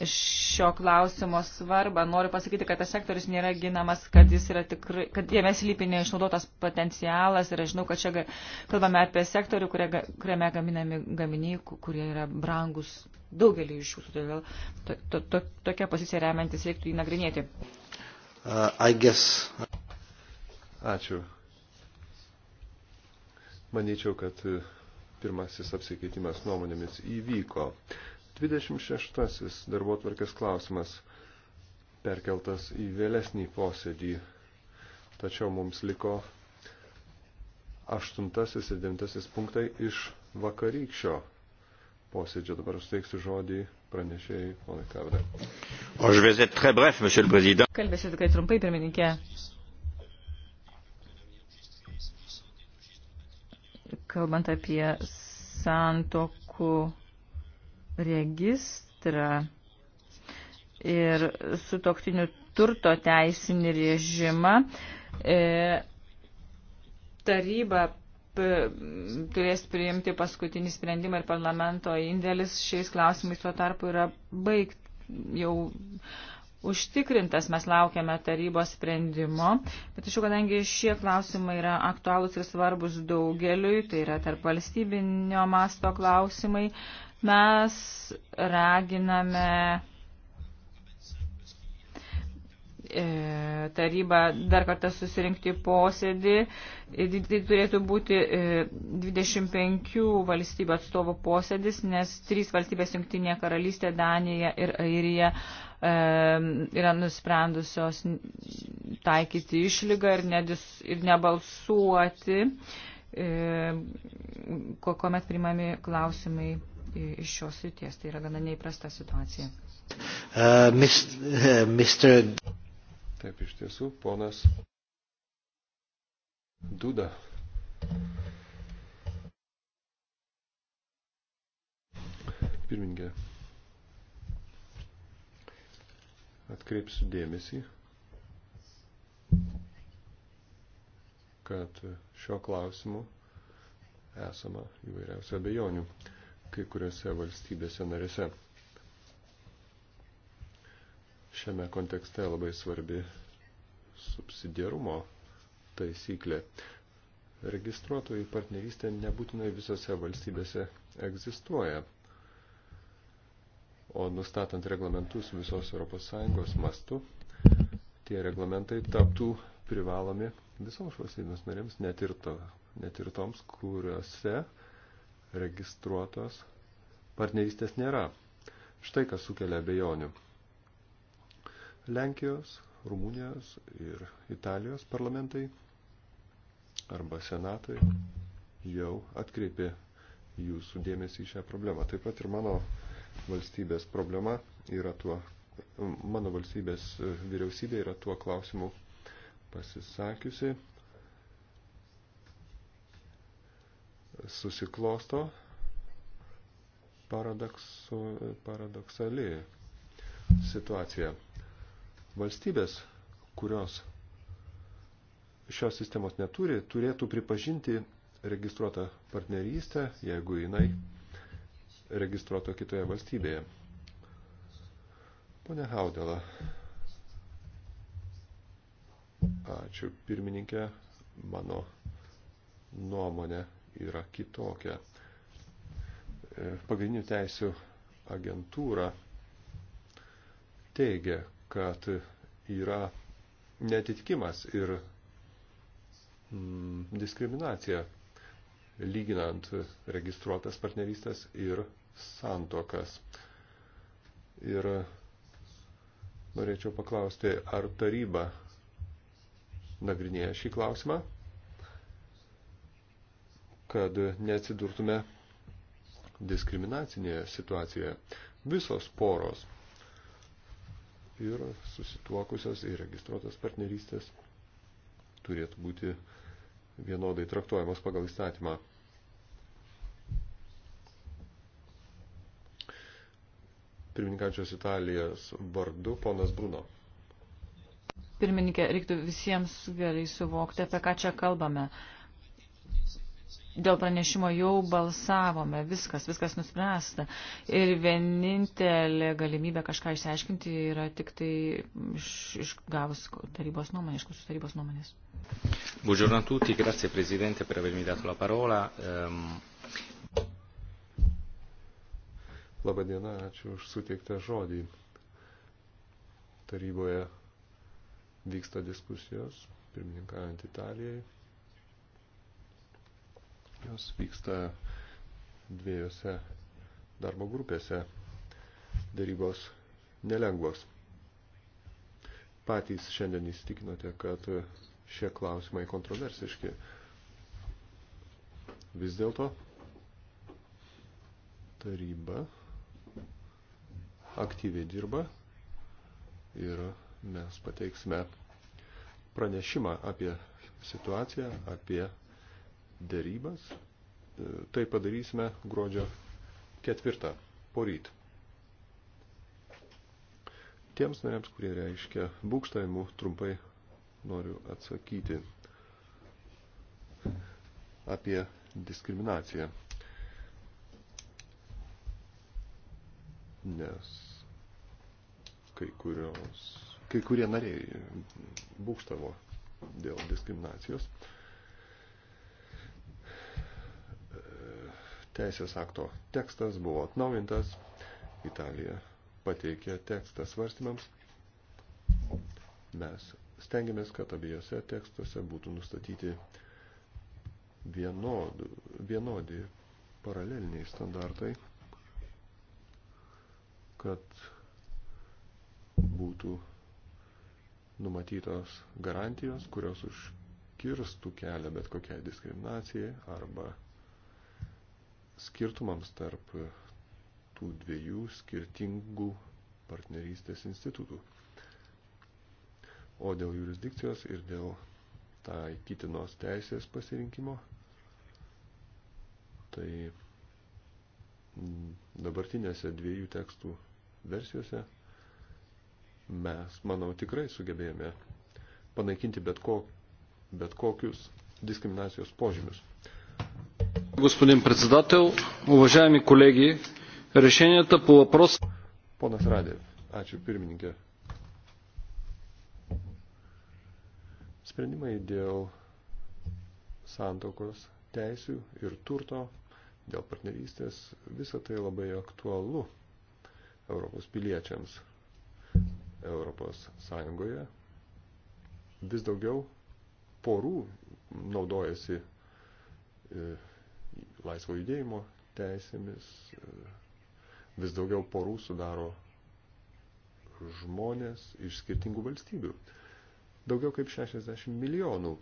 šio klausimo svarbą. Noriu pasakyti, kad tas sektorius nėra ginamas, kad jis yra tikrai, kad jame slypi neišnaudotas potencialas ir aš žinau, kad čia kalbame apie sektorių, kurie, kuriame gaminami gaminiai, kurie yra brangus daugelį iš jūsų, todėl to, to, to, tokia pozicija remiantis reiktų jį nagrinėti uh, I guess. Ačiū. Manyčiau, kad uh, pirmasis apsikeitimas nuomonėmis įvyko. 26. darbo tvarkės klausimas perkeltas į vėlesnį posėdį, tačiau mums liko 8 ir 9 punktai iš vakarykščio posėdžio. Dabar aš teiksiu žodį pranešėjai, ponai Kavda. Oh, Kalbėsiu tikrai trumpai, pirmininkė. Kalbant apie santokų registrą ir sutoktinių turto teisinį režimą, e, taryba turės priimti paskutinį sprendimą ir parlamento indėlis šiais klausimais tuo tarpu yra baigt jau užtikrintas, mes laukiame tarybos sprendimo, bet tačiau kadangi šie klausimai yra aktualūs ir svarbus daugeliui, tai yra tarp valstybinio masto klausimai, mes raginame E, taryba dar kartą susirinkti posėdį. E, tai turėtų būti 25 e, valstybių atstovų posėdis, nes trys valstybės Junktinė karalystė, Danija ir Airija yra nusprendusios taikyti išlygą ir, nedis, ir nebalsuoti, kuomet primami klausimai iš šios ryties. Tai yra gana neįprasta situacija. Uh, mist, uh, Mr. Taip, iš tiesų, ponas Duda. Pirmingė. Atkreipsiu dėmesį, kad šio klausimu esama įvairiausių abejonių kai kuriuose valstybėse narėse šiame kontekste labai svarbi subsidiarumo taisyklė. Registruotojų partnerystė nebūtinai visose valstybėse egzistuoja, o nustatant reglamentus visos ES mastu, tie reglamentai taptų privalomi visoms valstybėms narėms, net ir, to, net ir toms, kuriuose registruotos partnerystės nėra. Štai kas sukelia bejonių. Lenkijos, Rumunijos ir Italijos parlamentai arba senatai jau atkreipė jūsų dėmesį į šią problemą. Taip pat ir mano valstybės problema yra tuo, mano valstybės vyriausybė yra tuo klausimu pasisakiusi. Susiklosto paradoksu, paradoksali situacija. Valstybės, kurios šios sistemos neturi, turėtų pripažinti registruotą partnerystę, jeigu jinai registruoto kitoje valstybėje. Pone Haudela. Ačiū, pirmininkė. Mano nuomonė yra kitokia. E, pagrindinių teisių agentūra teigia, kad yra netitikimas ir mm, diskriminacija lyginant registruotas partnerystės ir santokas. Ir norėčiau paklausti, ar taryba nagrinėja šį klausimą, kad neatsidurtume diskriminacinėje situacijoje. Visos poros ir susituokusios ir registruotos partnerystės turėtų būti vienodai traktuojamos pagal įstatymą. Pirmininkančios Italijos vardu ponas Bruno. Pirmininkė, reiktų visiems gerai suvokti, apie ką čia kalbame. Uh, dėl pranešimo jau balsavome, viskas, viskas nuspręsta. Ir vienintelė galimybė kažką išsiaiškinti yra tik tai iš, iš gavus tarybos nuomonės, išklausus tarybos nuomonės. Buongiorno a tutti, grazie Presidente per avermi dato la parola. Um... Labadiena, ačiū už suteiktą žodį. Taryboje vyksta diskusijos, pirmininkaujant Italijai. Jos vyksta dviejose darbo grupėse. Darybos nelengvos. Patys šiandien įstikinote, kad šie klausimai kontroversiški. Vis dėlto taryba aktyviai dirba ir mes pateiksime pranešimą apie situaciją, apie dėrybas. E, tai padarysime gruodžio ketvirtą poryt. Tiems nariams, kurie reiškia būkštavimų, trumpai noriu atsakyti apie diskriminaciją. Nes kai, kurios, kai kurie nariai būkštavo dėl diskriminacijos. Teisės akto tekstas buvo atnaujintas, Italija pateikė tekstą svarstymams. Mes stengiamės, kad abiejose tekstuose būtų nustatyti vienod, vienodi paraleliniai standartai, kad būtų numatytos garantijos, kurios užkirstų kelią bet kokiai diskriminacijai arba skirtumams tarp tų dviejų skirtingų partnerystės institutų. O dėl jurisdikcijos ir dėl taikytinos teisės pasirinkimo, tai dabartinėse dviejų tekstų versijose mes, manau, tikrai sugebėjome panaikinti bet, ko, bet kokius diskriminacijos požymius. Господин председател, уважаеми колеги, решенията по въпрос... Ponas Radėv, ačiū pirmininkė. Sprendimai dėl santokos teisių ir turto, dėl partnerystės, visa tai labai aktualu Europos piliečiams. Europos Sąjungoje vis daugiau porų naudojasi laisvo judėjimo teisėmis. E, vis daugiau porų sudaro žmonės iš skirtingų valstybių. Daugiau kaip 60 milijonų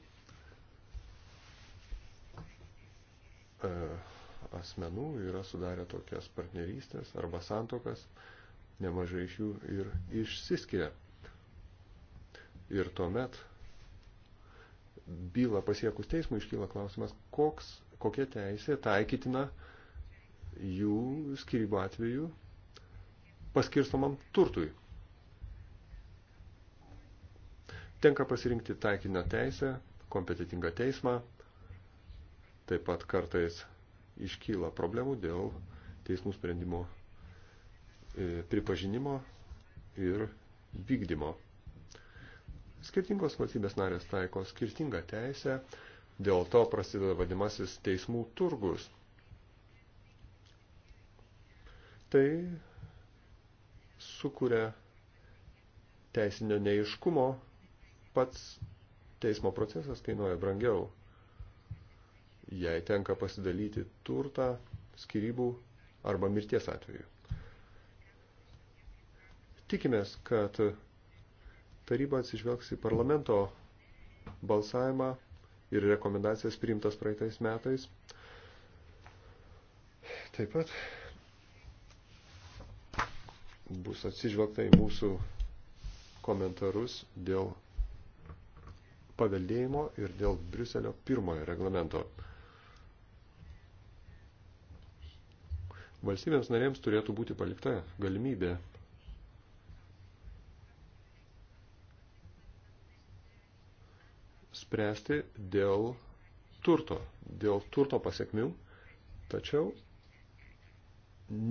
e, asmenų yra sudarę tokias partnerystės arba santokas, nemažai iš jų ir išsiskiria. Ir tuomet bylą pasiekus teismui iškyla klausimas, koks kokia teisė taikytina jų skirybų atveju paskirstomam turtui. Tenka pasirinkti taikiną teisę, kompetitingą teismą, taip pat kartais iškyla problemų dėl teismų sprendimo e, pripažinimo ir vykdymo. Skirtingos valstybės narės taiko skirtingą teisę, Dėl to prasideda vadimasis teismų turgus. Tai sukuria teisinio neiškumo, pats teismo procesas kainuoja brangiau. Jei tenka pasidalyti turtą, skirybų arba mirties atveju. Tikimės, kad taryba atsižvelgs į parlamento balsavimą ir rekomendacijas priimtas praeitais metais. Taip pat bus atsižvelgta į mūsų komentarus dėl paveldėjimo ir dėl Briuselio pirmojo reglamento. Valstybėms narėms turėtų būti palikta galimybė spręsti dėl turto, dėl turto pasiekmių, tačiau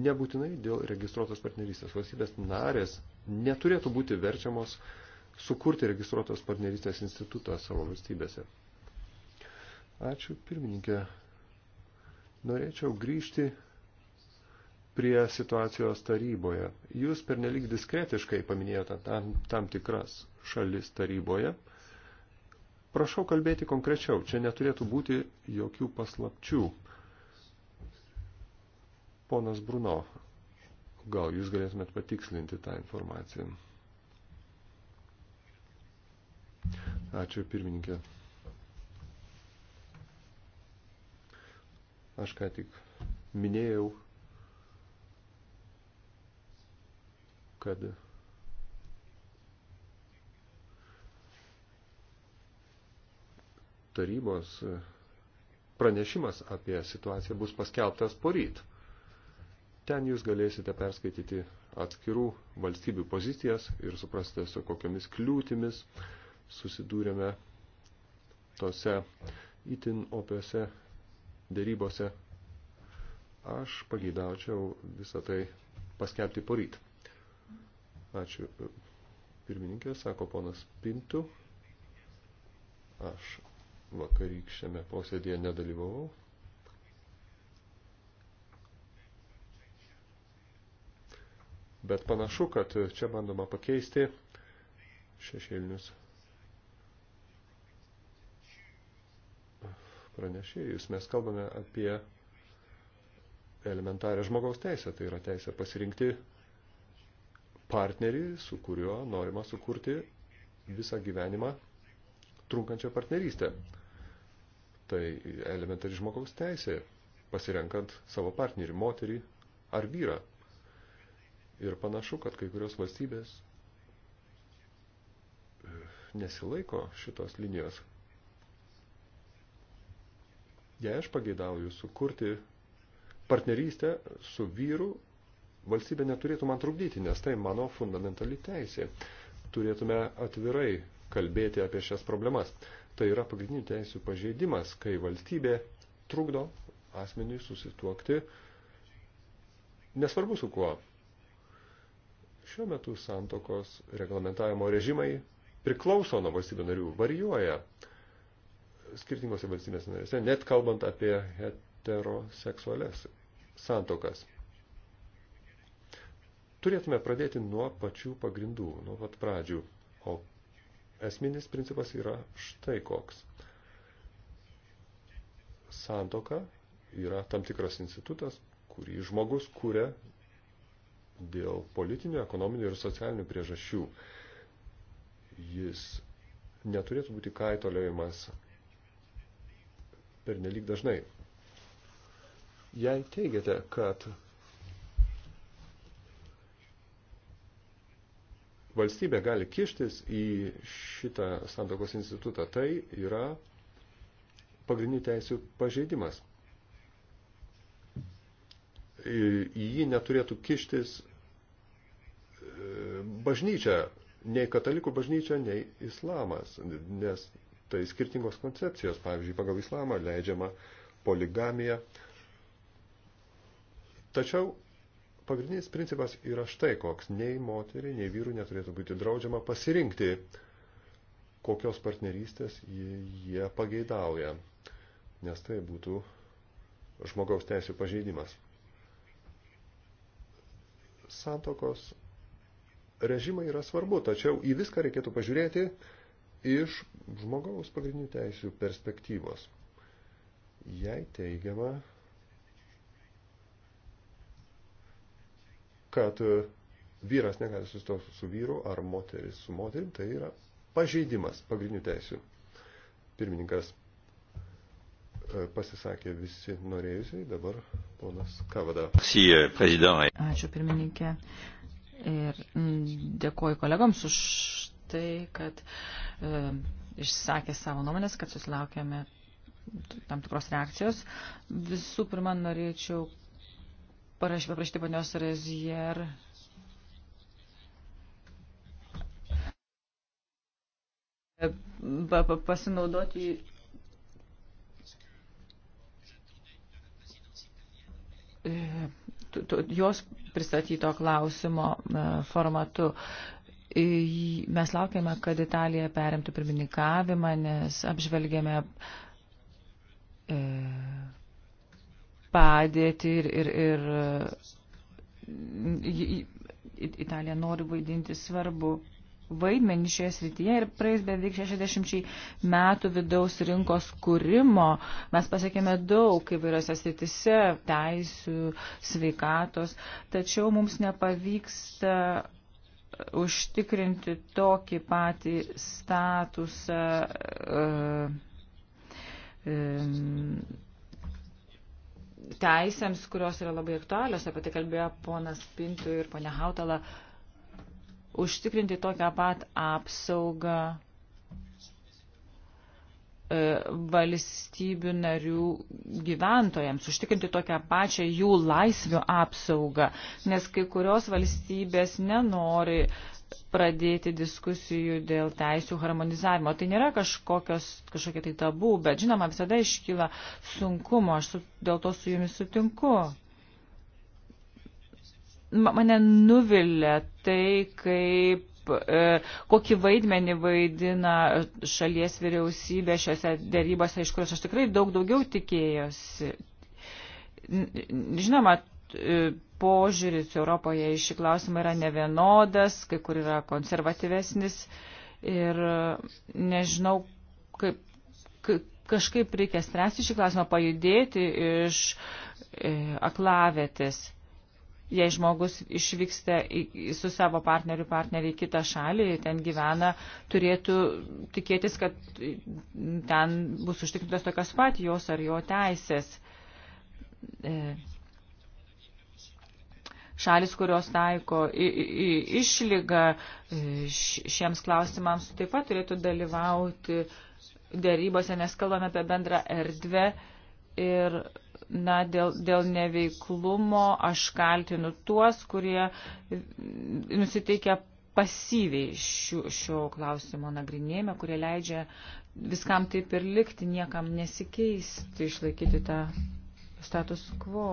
nebūtinai dėl registruotos partnerystės. Valstybės narės neturėtų būti verčiamos sukurti registruotos partnerystės institutą savo valstybėse. Ačiū, pirmininkė. Norėčiau grįžti prie situacijos taryboje. Jūs pernelyg diskretiškai paminėjote tam, tam tikras šalis taryboje Prašau kalbėti konkrečiau, čia neturėtų būti jokių paslapčių. Ponas Bruno, gal jūs galėtumėt patikslinti tą informaciją. Ačiū pirmininkė. Aš ką tik minėjau, kad tarybos pranešimas apie situaciją bus paskelbtas poryt. Ten jūs galėsite perskaityti atskirų valstybių pozicijas ir suprasite, su kokiamis kliūtimis susidūrėme tose itin opiose dėrybose. Aš pagydaučiau visą tai paskelbti poryt. Ačiū pirmininkė, sako ponas Pintu. Aš vakarykščiame posėdėje nedalyvavau. Bet panašu, kad čia bandoma pakeisti šešėlinius pranešėjus. Mes kalbame apie elementarią žmogaus teisę, tai yra teisę pasirinkti partnerį, su kuriuo norima sukurti visą gyvenimą trunkančią partnerystę. Tai elementari žmogaus teisė, pasirenkant savo partnerį, moterį ar vyrą. Ir panašu, kad kai kurios valstybės eh, nesilaiko šitos linijos. Jei aš pageidauju sukurti partnerystę su vyru, valstybė neturėtų man trukdyti, nes tai mano fundamentali teisė. Turėtume atvirai kalbėti apie šias problemas. Tai yra pagrindinių teisų pažeidimas, kai valstybė trukdo asmeniui susituokti, nesvarbu su kuo. Šiuo metu santokos reglamentavimo režimai priklauso nuo valstybių narių, varijuoja skirtingose valstybės narėse, net kalbant apie heteroseksualias santokas turėtume pradėti nuo pačių pagrindų, nuo pat pradžių. O Esminis principas yra štai koks. Santoka yra tam tikras institutas, kurį žmogus kūrė dėl politinių, ekonominių ir socialinių priežasčių. Jis neturėtų būti kaitaliojimas per nelik dažnai. Jei teigiate, kad valstybė gali kištis į šitą santokos institutą, tai yra pagrindinių teisių pažeidimas. Į jį neturėtų kištis e, bažnyčia, nei katalikų bažnyčia, nei islamas, nes tai skirtingos koncepcijos. Pavyzdžiui, pagal islamą leidžiama poligamija. Tačiau Pagrindinis principas yra štai koks. Nei moteriai, nei vyrų neturėtų būti draudžiama pasirinkti, kokios partnerystės jie, jie pageidauja, nes tai būtų žmogaus teisų pažeidimas. Santokos režimai yra svarbu, tačiau į viską reikėtų pažiūrėti iš žmogaus pagrindinių teisių perspektyvos. Jei teigiama, kad e, vyras negali susitokti su vyru ar moteris su moterim, tai yra pažeidimas pagrindinių teisių. Pirmininkas e, pasisakė visi norėjusiai, dabar ponas Kavada. E, Ačiū pirmininkė ir mm, dėkoju kolegoms už tai, kad e, išsakė savo nuomonės, kad susilaukėme tam tikros reakcijos. Visų pirma, norėčiau parašyti, paprašyti ponios Rezier. Pasinaudoti jos pristatyto klausimo e, formatu. Mes laukiame, kad Italija perimtų pirmininkavimą, nes apžvelgėme e, padėtį ir, ir, ir Italija nori vaidinti svarbu vaidmenį šioje srityje ir praeis beveik 60 metų vidaus rinkos kūrimo. Mes pasiekėme daug įvairiose srityse, teisių, sveikatos, tačiau mums nepavyksta užtikrinti tokį patį statusą. Uh, um, teisėms, kurios yra labai aktualios, apie tai kalbėjo ponas Pintų ir ponia Hautala, užtikrinti tokią pat apsaugą e, valstybių narių gyventojams, užtikrinti tokią pačią jų laisvių apsaugą, nes kai kurios valstybės nenori pradėti diskusijų dėl teisų harmonizavimo. Tai nėra kažkokios, kažkokie tai tabų, bet žinoma, visada iškyla sunkumo, aš su, dėl to su jumis sutinku. Mane nuvilia tai, kaip e, kokį vaidmenį vaidina šalies vyriausybė šiuose dėrybose, iš kurios aš tikrai daug daugiau tikėjosi. Žinoma, e, požiūris Europoje į šį klausimą yra nevienodas, kai kur yra konservatyvesnis ir nežinau, kaip, kažkaip reikia spręsti šį klausimą, pajudėti iš e, aklavėtės. Jei žmogus išvyksta į, į, su savo partneriu partneriai į kitą šalį, ten gyvena, turėtų tikėtis, kad ten bus užtikrintos tokios pat jos ar jo teisės. E, šalis, kurios taiko išlygą e, šiems klausimams, taip pat turėtų dalyvauti dėrybose, nes kalbame apie bendrą erdvę ir na, dėl, dėl neveiklumo aš kaltinu tuos, kurie nusiteikia pasyviai šio, šio klausimo nagrinėjime, kurie leidžia viskam taip ir likti, niekam nesikeisti, išlaikyti tą status quo.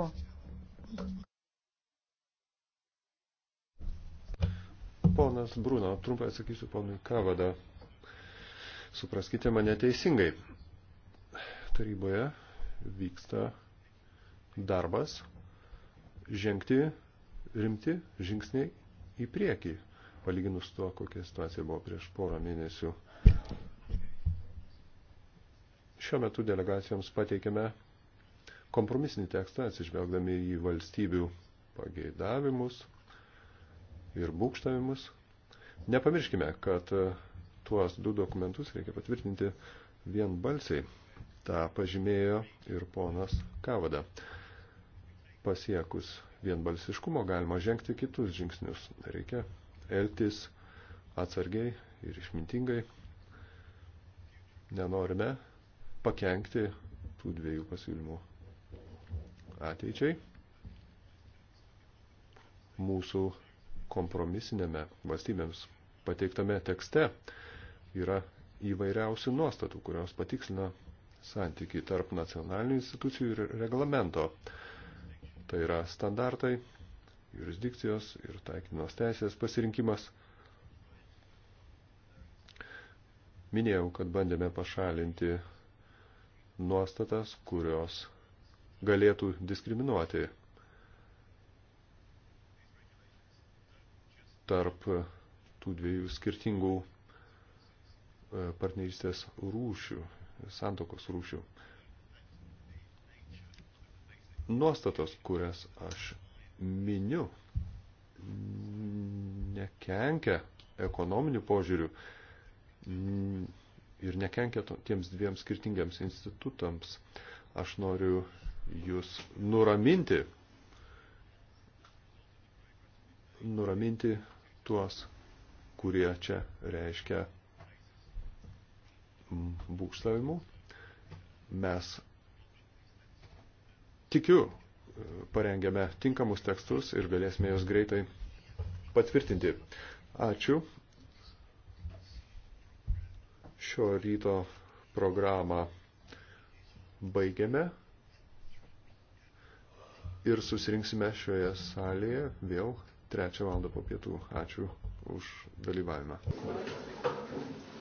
Ponas Bruno, trumpai atsakysiu ponui Kavada. Supraskite mane teisingai. Taryboje vyksta darbas žengti rimti žingsniai į priekį, palyginus to, kokia situacija buvo prieš porą mėnesių. Šiuo metu delegacijoms pateikėme kompromisinį tekstą atsižvelgdami į valstybių pageidavimus, ir būkštavimus. Nepamirškime, kad tuos du dokumentus reikia patvirtinti vienbalsiai. Ta pažymėjo ir ponas Kavada. Pasiekus vienbalsiškumo galima žengti kitus žingsnius. Reikia elgtis atsargiai ir išmintingai. Nenorime pakengti tų dviejų pasiūlymų ateičiai. Mūsų kompromisinėme valstybėms pateiktame tekste yra įvairiausių nuostatų, kurios patikslina santyki tarp nacionalinių institucijų ir reglamento. Tai yra standartai, jurisdikcijos ir taikinos teisės pasirinkimas. Minėjau, kad bandėme pašalinti nuostatas, kurios galėtų diskriminuoti tarp tų dviejų skirtingų e, partnerystės rūšių, santokos rūšių. Nuostatos, kurias aš miniu, nekenkia ekonominių požiūrių ir nekenkia tiems dviem skirtingiams institutams. Aš noriu jūs nuraminti nuraminti tuos, kurie čia reiškia būkstavimų. Mes tikiu e, parengėme tinkamus tekstus ir galėsime juos greitai patvirtinti. Ačiū. Šio ryto programą baigiame ir susirinksime šioje salėje vėl 3 val. po pietų. Ačiū už dalyvavimą.